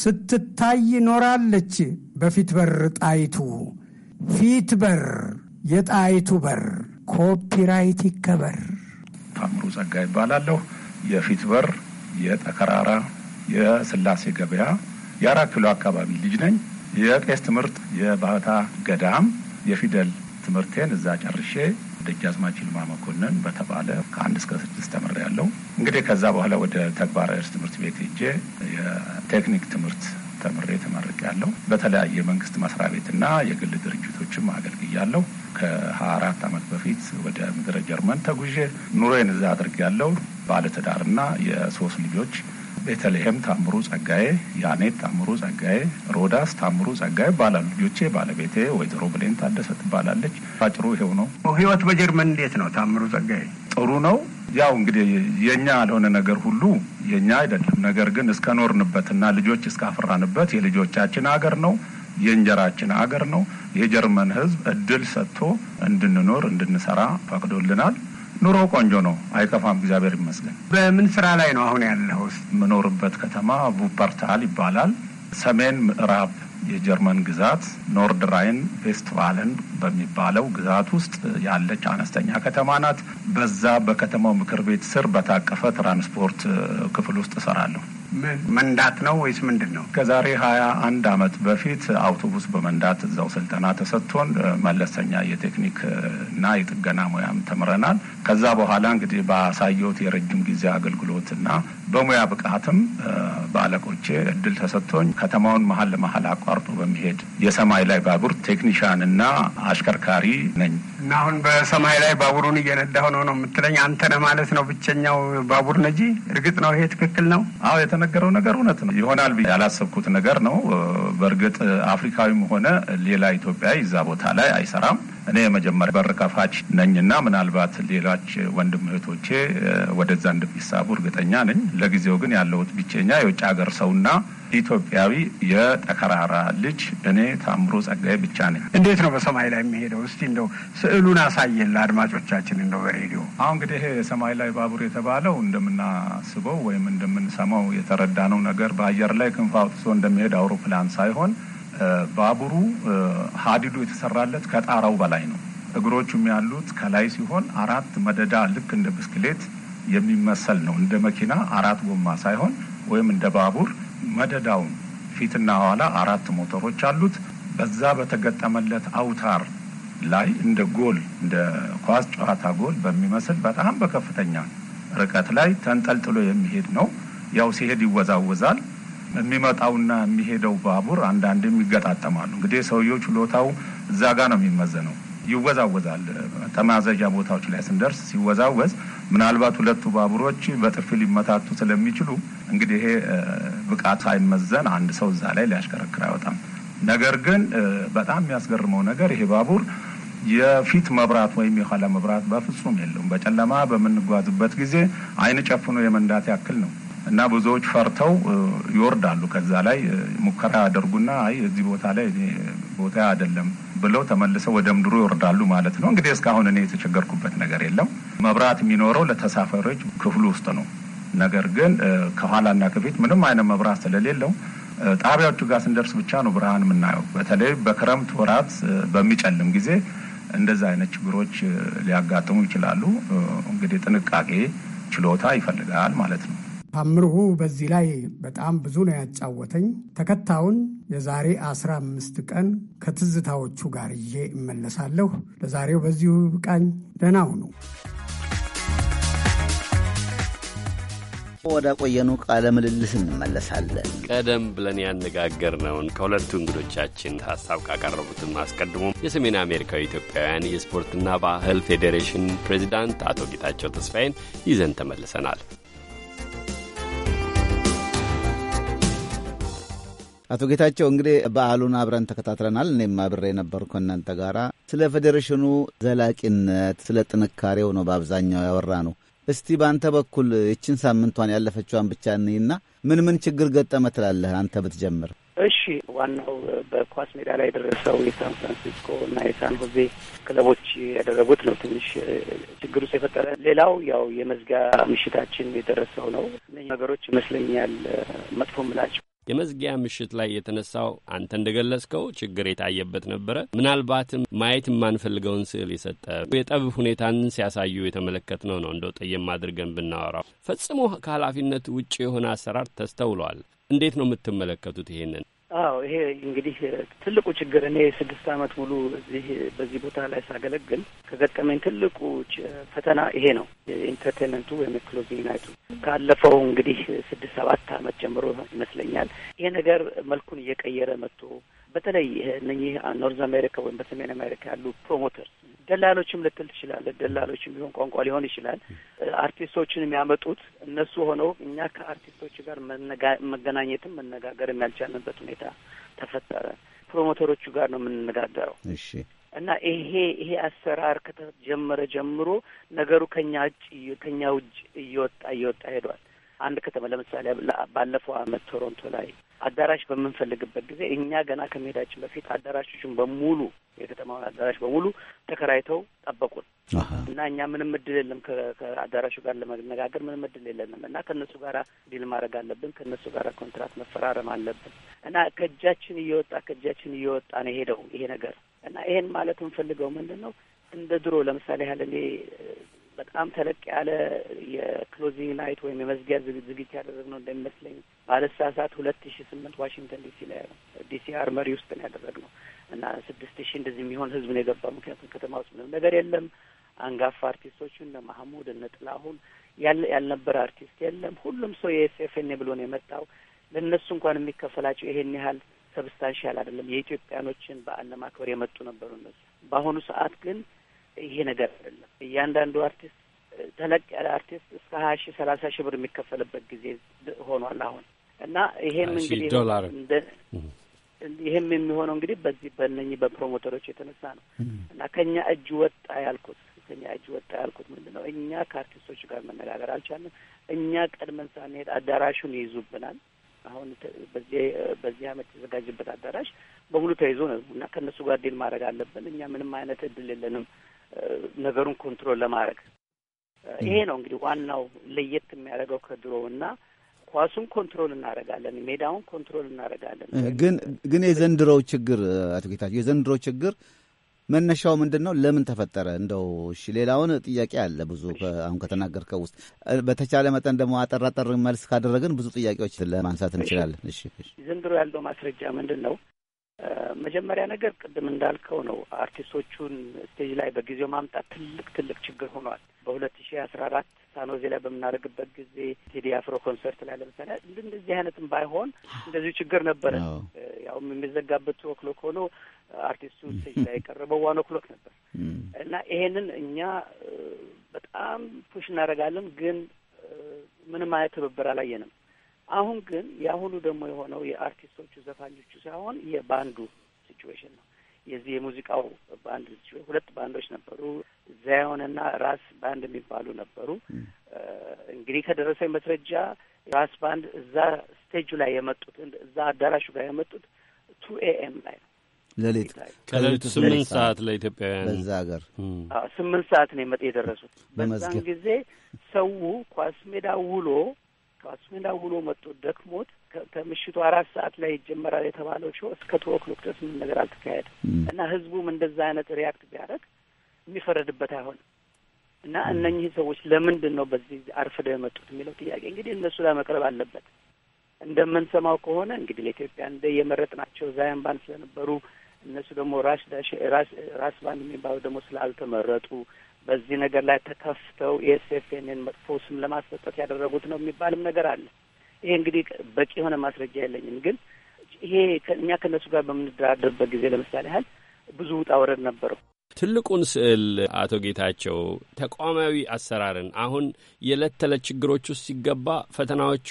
ስትታይ ኖራለች በፊት በር ጣይቱ ፊት በር የጣይቱ በር ኮፒራይት ይከበር። ታምሩ ጸጋ ይባላለሁ። የፊት በር የጠከራራ የስላሴ ገበያ የአራት ኪሎ አካባቢ ልጅ ነኝ። የቄስ ትምህርት የባህታ ገዳም የፊደል ትምህርቴን እዛ ጨርሼ ደጃዝማች ይልማ መኮንን በተባለ ከአንድ እስከ ስድስት ያለው እንግዲህ ከዛ በኋላ ወደ ተግባር እርስ ትምህርት ቤት ሄጄ የቴክኒክ ትምህርት ተምሬ ያለው በተለያየ መንግስት መስሪያ ቤትና የግል ድርጅቶችም አገልግያለሁ። ከሀያ አራት ዓመት በፊት ወደ ምድረ ጀርመን ተጉዤ ኑሮዬን እዛ አድርጌያለሁ። ባለትዳርና የሶስት ልጆች ቤተልሔም ታምሩ ጸጋዬ፣ ያኔት ታምሩ ጸጋዬ፣ ሮዳስ ታምሩ ጸጋዬ ይባላሉ ልጆቼ። ባለቤቴ ወይዘሮ ብሌን ታደሰ ትባላለች። አጭሩ ይሄው ነው። ህይወት በጀርመን እንዴት ነው ታምሩ ጸጋዬ? ጥሩ ነው። ያው እንግዲህ የእኛ ያልሆነ ነገር ሁሉ የእኛ አይደለም። ነገር ግን እስከ ኖርንበትና ልጆች እስካፈራንበት የልጆቻችን አገር ነው የእንጀራችን አገር ነው። የጀርመን ህዝብ እድል ሰጥቶ እንድንኖር እንድንሰራ ፈቅዶልናል። ኑሮ ቆንጆ ነው፣ አይከፋም። እግዚአብሔር ይመስገን። በምን ስራ ላይ ነው አሁን ያለው? የምኖርበት ከተማ ቡፐርታል ይባላል። ሰሜን ምዕራብ የጀርመን ግዛት ኖርድ ራይን ቬስትፋለን በሚባለው ግዛት ውስጥ ያለች አነስተኛ ከተማ ናት። በዛ በከተማው ምክር ቤት ስር በታቀፈ ትራንስፖርት ክፍል ውስጥ እሰራለሁ። መንዳት ነው ወይስ ምንድን ነው? ከዛሬ ሀያ አንድ አመት በፊት አውቶቡስ በመንዳት እዛው ስልጠና ተሰጥቶን መለሰኛ የቴክኒክ እና የጥገና ሙያም ተምረናል። ከዛ በኋላ እንግዲህ ባሳየሁት የረጅም ጊዜ አገልግሎት እና በሙያ ብቃትም በአለቆቼ እድል ተሰጥቶኝ ከተማውን መሀል ለመሀል አቋርጦ በሚሄድ የሰማይ ላይ ባቡር ቴክኒሻን እና አሽከርካሪ ነኝ። እና አሁን በሰማይ ላይ ባቡሩን እየነዳሁ ነው ነው የምትለኝ አንተ ነህ ማለት ነው ብቸኛው ባቡር ነጂ። እርግጥ ነው ይሄ ትክክል ነው? አዎ የተነገረው ነገር እውነት ነው ይሆናል ያላሰብኩት ነገር ነው። በእርግጥ አፍሪካዊም ሆነ ሌላ ኢትዮጵያ ይዛ ቦታ ላይ አይሰራም። እኔ የመጀመሪያ በር ከፋች ነኝና ምናልባት ሌሎች ወንድም እህቶቼ ወደዛ እንደሚሳቡ እርግጠኛ ነኝ። ለጊዜው ግን ያለሁት ብቸኛ የውጭ ሀገር ሰውና ኢትዮጵያዊ የተከራራ ልጅ እኔ ታምሮ ጸጋዬ ብቻ ነኝ። እንዴት ነው በሰማይ ላይ የሚሄደው? እስቲ እንደው ስዕሉን አሳየን ለአድማጮቻችን እንደው በሬዲዮ። አሁ እንግዲህ ሰማይ ላይ ባቡር የተባለው እንደምናስበው ወይም እንደምንሰማው የተረዳነው ነገር በአየር ላይ ክንፍ አውጥቶ እንደሚሄድ አውሮፕላን ሳይሆን ባቡሩ ሀዲዱ የተሰራለት ከጣራው በላይ ነው። እግሮቹም ያሉት ከላይ ሲሆን አራት መደዳ ልክ እንደ ብስክሌት የሚመሰል ነው። እንደ መኪና አራት ጎማ ሳይሆን ወይም እንደ ባቡር መደዳውን ፊትና ኋላ አራት ሞተሮች አሉት። በዛ በተገጠመለት አውታር ላይ እንደ ጎል እንደ ኳስ ጨዋታ ጎል በሚመስል በጣም በከፍተኛ ርቀት ላይ ተንጠልጥሎ የሚሄድ ነው። ያው ሲሄድ ይወዛወዛል። የሚመጣውና የሚሄደው ባቡር አንዳንድም ይገጣጠማሉ። እንግዲህ ሰውየው ችሎታው እዛ ጋ ነው የሚመዘነው። ይወዛወዛል። ተማዘዣ ቦታዎች ላይ ስንደርስ ሲወዛወዝ ምናልባት ሁለቱ ባቡሮች በጥፊ ሊመታቱ ስለሚችሉ እንግዲህ ይሄ ብቃት አይመዘን አንድ ሰው እዛ ላይ ሊያሽከረክር አይወጣም። ነገር ግን በጣም የሚያስገርመው ነገር ይሄ ባቡር የፊት መብራት ወይም የኋላ መብራት በፍጹም የለውም። በጨለማ በምንጓዝበት ጊዜ አይን ጨፍኖ የመንዳት ያክል ነው እና ብዙዎች ፈርተው ይወርዳሉ። ከዛ ላይ ሙከራ ያደርጉና አይ እዚህ ቦታ ላይ ቦታ አይደለም ብለው ተመልሰው ወደ ምድሩ ይወርዳሉ ማለት ነው። እንግዲህ እስካሁን እኔ የተቸገርኩበት ነገር የለም። መብራት የሚኖረው ለተሳፈሪዎች ክፍሉ ውስጥ ነው። ነገር ግን ከኋላና ከፊት ምንም አይነት መብራት ስለሌለው ጣቢያዎቹ ጋር ስንደርስ ብቻ ነው ብርሃን የምናየው። በተለይ በክረምት ወራት በሚጨልም ጊዜ እንደዛ አይነት ችግሮች ሊያጋጥሙ ይችላሉ። እንግዲህ ጥንቃቄ ችሎታ ይፈልጋል ማለት ነው። ታምርሁ በዚህ ላይ በጣም ብዙ ነው ያጫወተኝ። ተከታዩን የዛሬ 15 ቀን ከትዝታዎቹ ጋር ይዤ እመለሳለሁ። ለዛሬው በዚሁ ብቃኝ። ደህና ሁኑ። ወደ ቆየኑ ቃለ ምልልስ እንመለሳለን። ቀደም ብለን ያነጋገርነውን ከሁለቱ እንግዶቻችን ሀሳብ ካቀረቡትም አስቀድሞ የሰሜን አሜሪካዊ ኢትዮጵያውያን የስፖርትና ባህል ፌዴሬሽን ፕሬዚዳንት አቶ ጌታቸው ተስፋዬን ይዘን ተመልሰናል። አቶ ጌታቸው እንግዲህ በዓሉን አብረን ተከታትለናል። እኔም አብሬ ነበርኩ ከእናንተ ጋር። ስለ ፌዴሬሽኑ ዘላቂነት፣ ስለ ጥንካሬው ነው በአብዛኛው ያወራ ነው። እስቲ በአንተ በኩል ይችን ሳምንቷን ያለፈችዋን ብቻ እንይና ምን ምን ችግር ገጠመ ትላለህ አንተ ብትጀምር? እሺ ዋናው በኳስ ሜዳ ላይ የደረሰው የሳን ፍራንሲስኮ እና የሳን ሆዜ ክለቦች ያደረጉት ነው ትንሽ ችግር ውስጥ የፈጠረ። ሌላው ያው የመዝጊያ ምሽታችን የደረሰው ነው። ነገሮች ይመስለኛል መጥፎ ምላቸው የመዝጊያ ምሽት ላይ የተነሳው አንተ እንደገለጽከው ችግር የታየበት ነበረ። ምናልባትም ማየት የማንፈልገውን ስዕል የሰጠ የጠብ ሁኔታን ሲያሳዩ የተመለከትነው ነው። እንደው ጠየም አድርገን ብናወራው ፈጽሞ ከኃላፊነት ውጭ የሆነ አሰራር ተስተውሏል። እንዴት ነው የምትመለከቱት ይሄንን? አዎ ይሄ እንግዲህ ትልቁ ችግር እኔ ስድስት አመት ሙሉ እዚህ በዚህ ቦታ ላይ ሳገለግል ከገጠመኝ ትልቁ ፈተና ይሄ ነው። የኢንተርቴንመንቱ ወይም የክሎዚንግ ናይቱ ካለፈው እንግዲህ ስድስት ሰባት ዓመት ጀምሮ ይመስለኛል ይሄ ነገር መልኩን እየቀየረ መጥቶ በተለይ እነህ ኖርዝ አሜሪካ ወይም በሰሜን አሜሪካ ያሉ ፕሮሞተርስ ደላሎችም ልትል ትችላለህ። ደላሎችም ቢሆን ቋንቋ ሊሆን ይችላል። አርቲስቶችን የሚያመጡት እነሱ ሆነው እኛ ከአርቲስቶች ጋር መገናኘትም መነጋገርም ያልቻልንበት ሁኔታ ተፈጠረ። ፕሮሞተሮቹ ጋር ነው የምንነጋገረው። እሺ እና ይሄ ይሄ አሰራር ከተጀመረ ጀምሮ ነገሩ ከኛ ውጭ ከኛ ውጭ እየወጣ እየወጣ ሄዷል። አንድ ከተማ ለምሳሌ ባለፈው ዓመት ቶሮንቶ ላይ አዳራሽ በምንፈልግበት ጊዜ እኛ ገና ከመሄዳችን በፊት አዳራሾችን በሙሉ የከተማውን አዳራሽ በሙሉ ተከራይተው ጠበቁን እና እኛ ምንም እድል የለም ከአዳራሹ ጋር ለመነጋገር ምንም እድል የለንም እና ከእነሱ ጋር ዲል ማድረግ አለብን፣ ከእነሱ ጋር ኮንትራት መፈራረም አለብን እና ከእጃችን እየወጣ ከእጃችን እየወጣ ነው የሄደው ይሄ ነገር እና ይሄን ማለት የምንፈልገው ምንድን ነው እንደ ድሮ ለምሳሌ ያህል እኔ በጣም ተለቅ ያለ የክሎዚንግ ናይት ወይም የመዝጊያ ዝግጅት ያደረግነው እንደሚመስለኝ ባለሳሳት ሁለት ሺ ስምንት ዋሽንግተን ዲሲ ላይ ዲሲ አርመሪ ውስጥ ነው ያደረግነው እና ስድስት ሺ እንደዚህ የሚሆን ህዝብ ነው የገባ። ምክንያቱም ከተማ ውስጥ ምንም ነገር የለም። አንጋፋ አርቲስቶቹ እነ ማህሙድ እነ ጥላሁን ያልነበረ አርቲስት የለም። ሁሉም ሰው የኤስኤፍኔ ብሎ ነው የመጣው። ለእነሱ እንኳን የሚከፈላቸው ይሄን ያህል ሰብስታንሻል አይደለም። የኢትዮጵያኖችን በዓል ለማክበር የመጡ ነበሩ እነሱ። በአሁኑ ሰዓት ግን ይሄ ነገር አይደለም። እያንዳንዱ አርቲስት ተለቅ ያለ አርቲስት እስከ ሀያ ሺህ ሰላሳ ሺህ ብር የሚከፈልበት ጊዜ ሆኗል አሁን እና ይሄም እንግዲህ ይሄም የሚሆነው እንግዲህ በዚህ በእነኚህ በፕሮሞተሮች የተነሳ ነው እና ከኛ እጅ ወጣ ያልኩት ከኛ እጅ ወጣ ያልኩት ምንድን ነው እኛ ከአርቲስቶች ጋር መነጋገር አልቻለም። እኛ ቀድመን ሳንሄድ አዳራሹን ይይዙብናል። አሁን በዚህ በዚህ አመት የተዘጋጀበት አዳራሽ በሙሉ ተይዞ ነው እና ከእነሱ ጋር ዴል ማድረግ አለብን። እኛ ምንም አይነት እድል የለንም ነገሩን ኮንትሮል ለማድረግ ይሄ ነው እንግዲህ ዋናው ለየት የሚያደርገው ከድሮው እና ኳሱን ኮንትሮል እናደርጋለን፣ ሜዳውን ኮንትሮል እናደርጋለን። ግን ግን የዘንድሮው ችግር አቶ ጌታቸው የዘንድሮው ችግር መነሻው ምንድን ነው? ለምን ተፈጠረ? እንደው እሺ፣ ሌላውን ጥያቄ አለ ብዙ አሁን ከተናገርከው ውስጥ በተቻለ መጠን ደግሞ አጠራጠር መልስ ካደረግን ብዙ ጥያቄዎች ለማንሳት እንችላለን። እሺ፣ ዘንድሮ ያለው ማስረጃ ምንድን ነው? መጀመሪያ ነገር ቅድም እንዳልከው ነው። አርቲስቶቹን ስቴጅ ላይ በጊዜው ማምጣት ትልቅ ትልቅ ችግር ሆኗል። በሁለት ሺ አስራ አራት ሳኖዜ ላይ በምናደርግበት ጊዜ ቴዲ አፍሮ ኮንሰርት ላይ ለምሳሌ እንደዚህ አይነትም ባይሆን እንደዚሁ ችግር ነበረ። ያውም የሚዘጋበት ወክሎክ ኦክሎክ ሆኖ አርቲስቱ ስቴጅ ላይ የቀረበው ዋን ኦክሎክ ነበር እና ይሄንን እኛ በጣም ፑሽ እናደርጋለን፣ ግን ምንም አይነት ትብብር አላየንም። አሁን ግን የአሁኑ ደግሞ የሆነው የአርቲስቶቹ ዘፋኞቹ ሳይሆን የባንዱ ሲትዌሽን ነው። የዚህ የሙዚቃው ባንድ ሁለት ባንዶች ነበሩ። ዛዮንና ራስ ባንድ የሚባሉ ነበሩ። እንግዲህ ከደረሰኝ መስረጃ ራስ ባንድ እዛ ስቴጁ ላይ የመጡት እዛ አዳራሹ ጋር የመጡት ቱ ኤኤም ላይ ነው። ሌሊት ከሌሊቱ ስምንት ሰዓት ለኢትዮጵያውያን በዛ ሀገር ስምንት ሰዓት ነው የመጥ የደረሱት። በዛን ጊዜ ሰው ኳስ ሜዳ ውሎ እሱን አውሎ መጡ ደክሞት ከምሽቱ አራት ሰዓት ላይ ይጀመራል የተባለው ሾ እስከ ቱ ኦክሎክ ድረስ ምን ነገር አልተካሄደም እና ህዝቡም እንደዛ አይነት ሪያክት ቢያደርግ የሚፈረድበት አይሆንም እና እነኚህ ሰዎች ለምንድን ነው በዚህ አርፍደው የመጡት የሚለው ጥያቄ እንግዲህ እነሱ ላይ መቅረብ አለበት። እንደምንሰማው ከሆነ እንግዲህ ለኢትዮጵያ እንደ የመረጥ ናቸው ዛያን ባንድ ስለነበሩ እነሱ ደግሞ ራስ ራስ ባንድ የሚባሉ ደግሞ ስላልተመረጡ በዚህ ነገር ላይ ተከፍተው ኤስኤፍኤንን መጥፎ ስም ለማሰጠት ያደረጉት ነው የሚባልም ነገር አለ። ይሄ እንግዲህ በቂ የሆነ ማስረጃ የለኝም፣ ግን ይሄ እኛ ከእነሱ ጋር በምንደራደርበት ጊዜ ለምሳሌ ያህል ብዙ ውጣ ወረድ ነበረው። ትልቁን ስዕል አቶ ጌታቸው ተቋማዊ አሰራርን አሁን የዕለት ተዕለት ችግሮች ውስጥ ሲገባ ፈተናዎቹ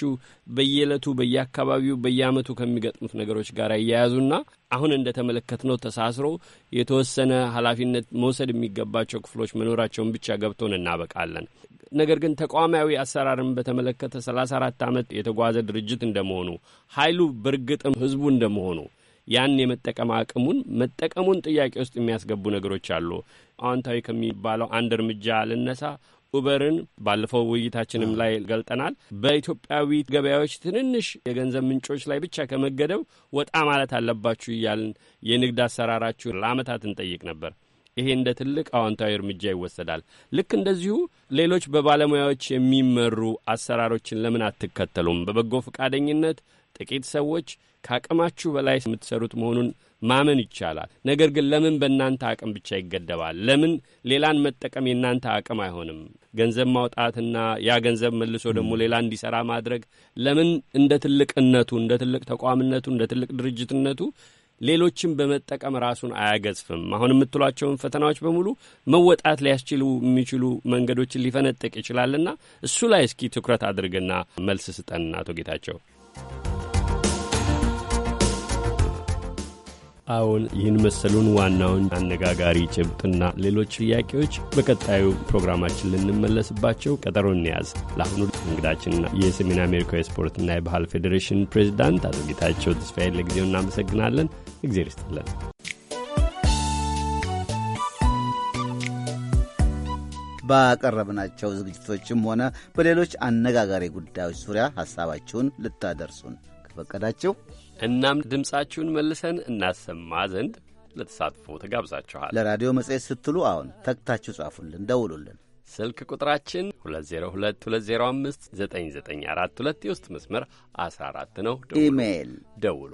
በየዕለቱ በየአካባቢው በየዓመቱ ከሚገጥሙት ነገሮች ጋር እያያዙና አሁን እንደ ተመለከትነው ተሳስሮ የተወሰነ ኃላፊነት መውሰድ የሚገባቸው ክፍሎች መኖራቸውን ብቻ ገብቶን እናበቃለን። ነገር ግን ተቋማዊ አሰራርን በተመለከተ ሰላሳ አራት ዓመት የተጓዘ ድርጅት እንደመሆኑ ኃይሉ በእርግጥም ህዝቡ እንደመሆኑ ያን የመጠቀም አቅሙን መጠቀሙን ጥያቄ ውስጥ የሚያስገቡ ነገሮች አሉ። አዎንታዊ ከሚባለው አንድ እርምጃ ልነሳ። ኡበርን ባለፈው ውይይታችንም ላይ ገልጠናል። በኢትዮጵያዊ ገበያዎች ትንንሽ የገንዘብ ምንጮች ላይ ብቻ ከመገደብ ወጣ ማለት አለባችሁ እያልን የንግድ አሰራራችሁ ለአመታት እንጠይቅ ነበር። ይሄ እንደ ትልቅ አዎንታዊ እርምጃ ይወሰዳል። ልክ እንደዚሁ ሌሎች በባለሙያዎች የሚመሩ አሰራሮችን ለምን አትከተሉም? በበጎ ፈቃደኝነት ጥቂት ሰዎች ከአቅማችሁ በላይ የምትሰሩት መሆኑን ማመን ይቻላል። ነገር ግን ለምን በእናንተ አቅም ብቻ ይገደባል? ለምን ሌላን መጠቀም የእናንተ አቅም አይሆንም? ገንዘብ ማውጣትና ያ ገንዘብ መልሶ ደግሞ ሌላ እንዲሰራ ማድረግ ለምን እንደ ትልቅነቱ፣ እንደ ትልቅ ተቋምነቱ፣ እንደ ትልቅ ድርጅትነቱ ሌሎችን በመጠቀም ራሱን አያገዝፍም? አሁን የምትሏቸውን ፈተናዎች በሙሉ መወጣት ሊያስችሉ የሚችሉ መንገዶችን ሊፈነጥቅ ይችላልና እሱ ላይ እስኪ ትኩረት አድርግና መልስ ስጠን። አቶ ጌታቸው አዎን፣ ይህን መሰሉን ዋናውን አነጋጋሪ ጭብጥና ሌሎች ጥያቄዎች በቀጣዩ ፕሮግራማችን ልንመለስባቸው ቀጠሮ እንያዝ። ለአሁኑ እንግዳችንና የሰሜን አሜሪካዊ የስፖርትና የባህል ፌዴሬሽን ፕሬዚዳንት አቶ ጌታቸው ተስፋዬ ለጊዜው እናመሰግናለን። እግዜር ይስጥልን። ባቀረብናቸው ዝግጅቶችም ሆነ በሌሎች አነጋጋሪ ጉዳዮች ዙሪያ ሀሳባችሁን ልታደርሱን ከፈቀዳችሁ እናም ድምፃችሁን መልሰን እናሰማ ዘንድ ለተሳትፎ ተጋብዛችኋል። ለራዲዮ መጽሔት ስትሉ አሁን ተግታችሁ ጻፉልን፣ ደውሉልን። ስልክ ቁጥራችን 2022059942 የውስጥ መስመር 14 ነው። ኢሜይል ደውሉ።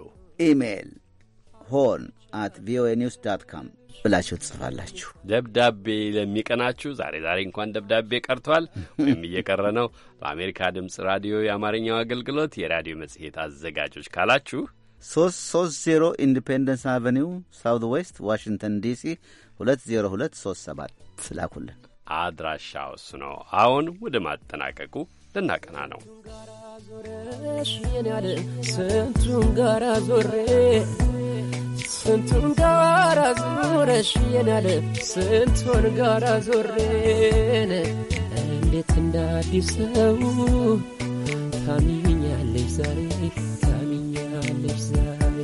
ኢሜይል ሆን አት ቪኦኤ ኒውስ ዳት ካም ብላችሁ ትጽፋላችሁ። ደብዳቤ ለሚቀናችሁ ዛሬ ዛሬ እንኳን ደብዳቤ ቀርቷል ወይም እየቀረ ነው። በአሜሪካ ድምፅ ራዲዮ የአማርኛው አገልግሎት የራዲዮ መጽሔት አዘጋጆች ካላችሁ ሶስት ሶስት ዜሮ ኢንዲፔንደንስ አቨኒው ሳውት ዌስት ዋሽንግተን ዲሲ ሁለት ዜሮ ሁለት ሶስት ሰባት ስላኩልን። አድራሻ ውስ ነው። አሁን ወደ ማጠናቀቁ ልናቀና ነው። ስንቱን ጋራ ዞሬ ስንቱን ጋር አዞረሽናል ስንቱን ጋር አዞሬን እንዴት እንደ አዲስ ሰው ታሚኛለሽ ዛሬ ታሚኛለሽ ዛሬ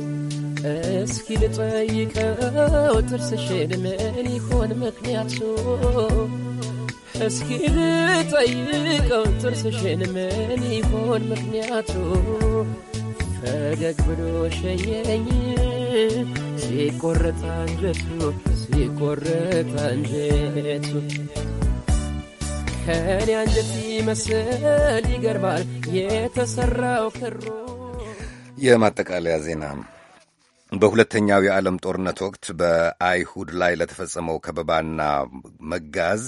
እስኪ ልጠይቀው ጥርስሽን ምን ይሆን ምክንያቱ እስኪ ልጠይቀው ጥርስሽን ምን ይሆን ምክንያቱ ፈገግ ብሎ ሸኘኝ ሲቆረጥ አንጀቱ ሲቆረጥ አንጀቱ ከኔ አንጀት ይመስል ይገርማል የተሰራው ክሩ። የማጠቃለያ ዜና በሁለተኛው የዓለም ጦርነት ወቅት በአይሁድ ላይ ለተፈጸመው ከበባና መጋዝ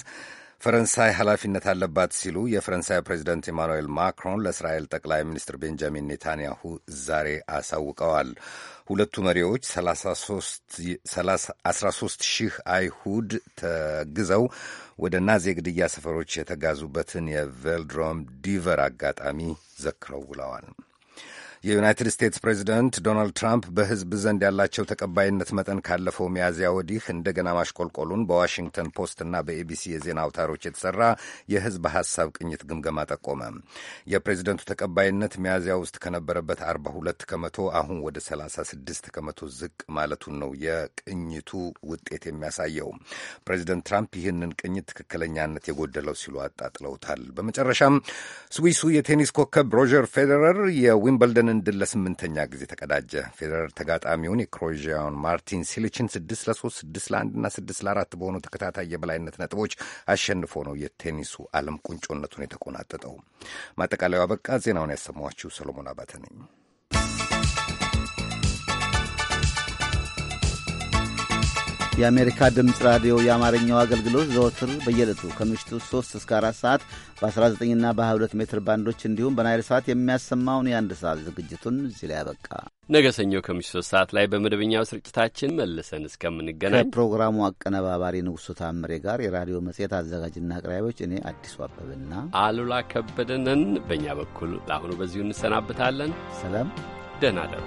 ፈረንሳይ ኃላፊነት አለባት ሲሉ የፈረንሳይ ፕሬዚደንት ኢማኑኤል ማክሮን ለእስራኤል ጠቅላይ ሚኒስትር ቤንጃሚን ኔታንያሁ ዛሬ አሳውቀዋል። ሁለቱ መሪዎች 13 ሺህ አይሁድ ተግዘው ወደ ናዚ የግድያ ሰፈሮች የተጋዙበትን የቬልድሮም ዲቨር አጋጣሚ ዘክረው ውለዋል። የዩናይትድ ስቴትስ ፕሬዚደንት ዶናልድ ትራምፕ በሕዝብ ዘንድ ያላቸው ተቀባይነት መጠን ካለፈው ሚያዝያ ወዲህ እንደገና ማሽቆልቆሉን በዋሽንግተን ፖስት እና በኤቢሲ የዜና አውታሮች የተሰራ የሕዝብ ሐሳብ ቅኝት ግምገማ ጠቆመ። የፕሬዚደንቱ ተቀባይነት ሚያዝያ ውስጥ ከነበረበት 42 ከመቶ አሁን ወደ 36 ከመቶ ዝቅ ማለቱን ነው የቅኝቱ ውጤት የሚያሳየው። ፕሬዚደንት ትራምፕ ይህንን ቅኝት ትክክለኛነት የጎደለው ሲሉ አጣጥለውታል። በመጨረሻም ስዊሱ የቴኒስ ኮከብ ሮጀር ፌዴረር የዊምበልደን ይህንን ድል ለስምንተኛ ጊዜ ተቀዳጀ። ፌዴረር ተጋጣሚውን የክሮኤዥያውን ማርቲን ሲሊችን ስድስት ለሶስት ስድስት ና ስድስት ለአራት በሆኑ ተከታታይ የበላይነት ነጥቦች አሸንፎ ነው የቴኒሱ ዓለም ቁንጮነቱን የተቆናጠጠው። ማጠቃለያው አበቃ። ዜናውን ያሰማኋችሁ ሰሎሞን አባተ ነኝ። የአሜሪካ ድምፅ ራዲዮ የአማርኛው አገልግሎት ዘወትር በየዕለቱ ከምሽቱ 3 እስከ 4 ሰዓት በ19ና በ22 ሜትር ባንዶች እንዲሁም በናይል ሰዓት የሚያሰማውን የአንድ ሰዓት ዝግጅቱን እዚህ ላይ ያበቃ። ነገ ሰኞ ከምሽቱ 3 ሰዓት ላይ በመደበኛው ስርጭታችን መልሰን እስከምንገናኝ ከፕሮግራሙ አቀነባባሪ ንጉሱ ታምሬ ጋር የራዲዮ መጽሔት አዘጋጅና አቅራቢዎች እኔ አዲሱ አበብና አሉላ ከበደንን በእኛ በኩል ለአሁኑ በዚሁ እንሰናብታለን። ሰላም፣ ደህና ደሩ።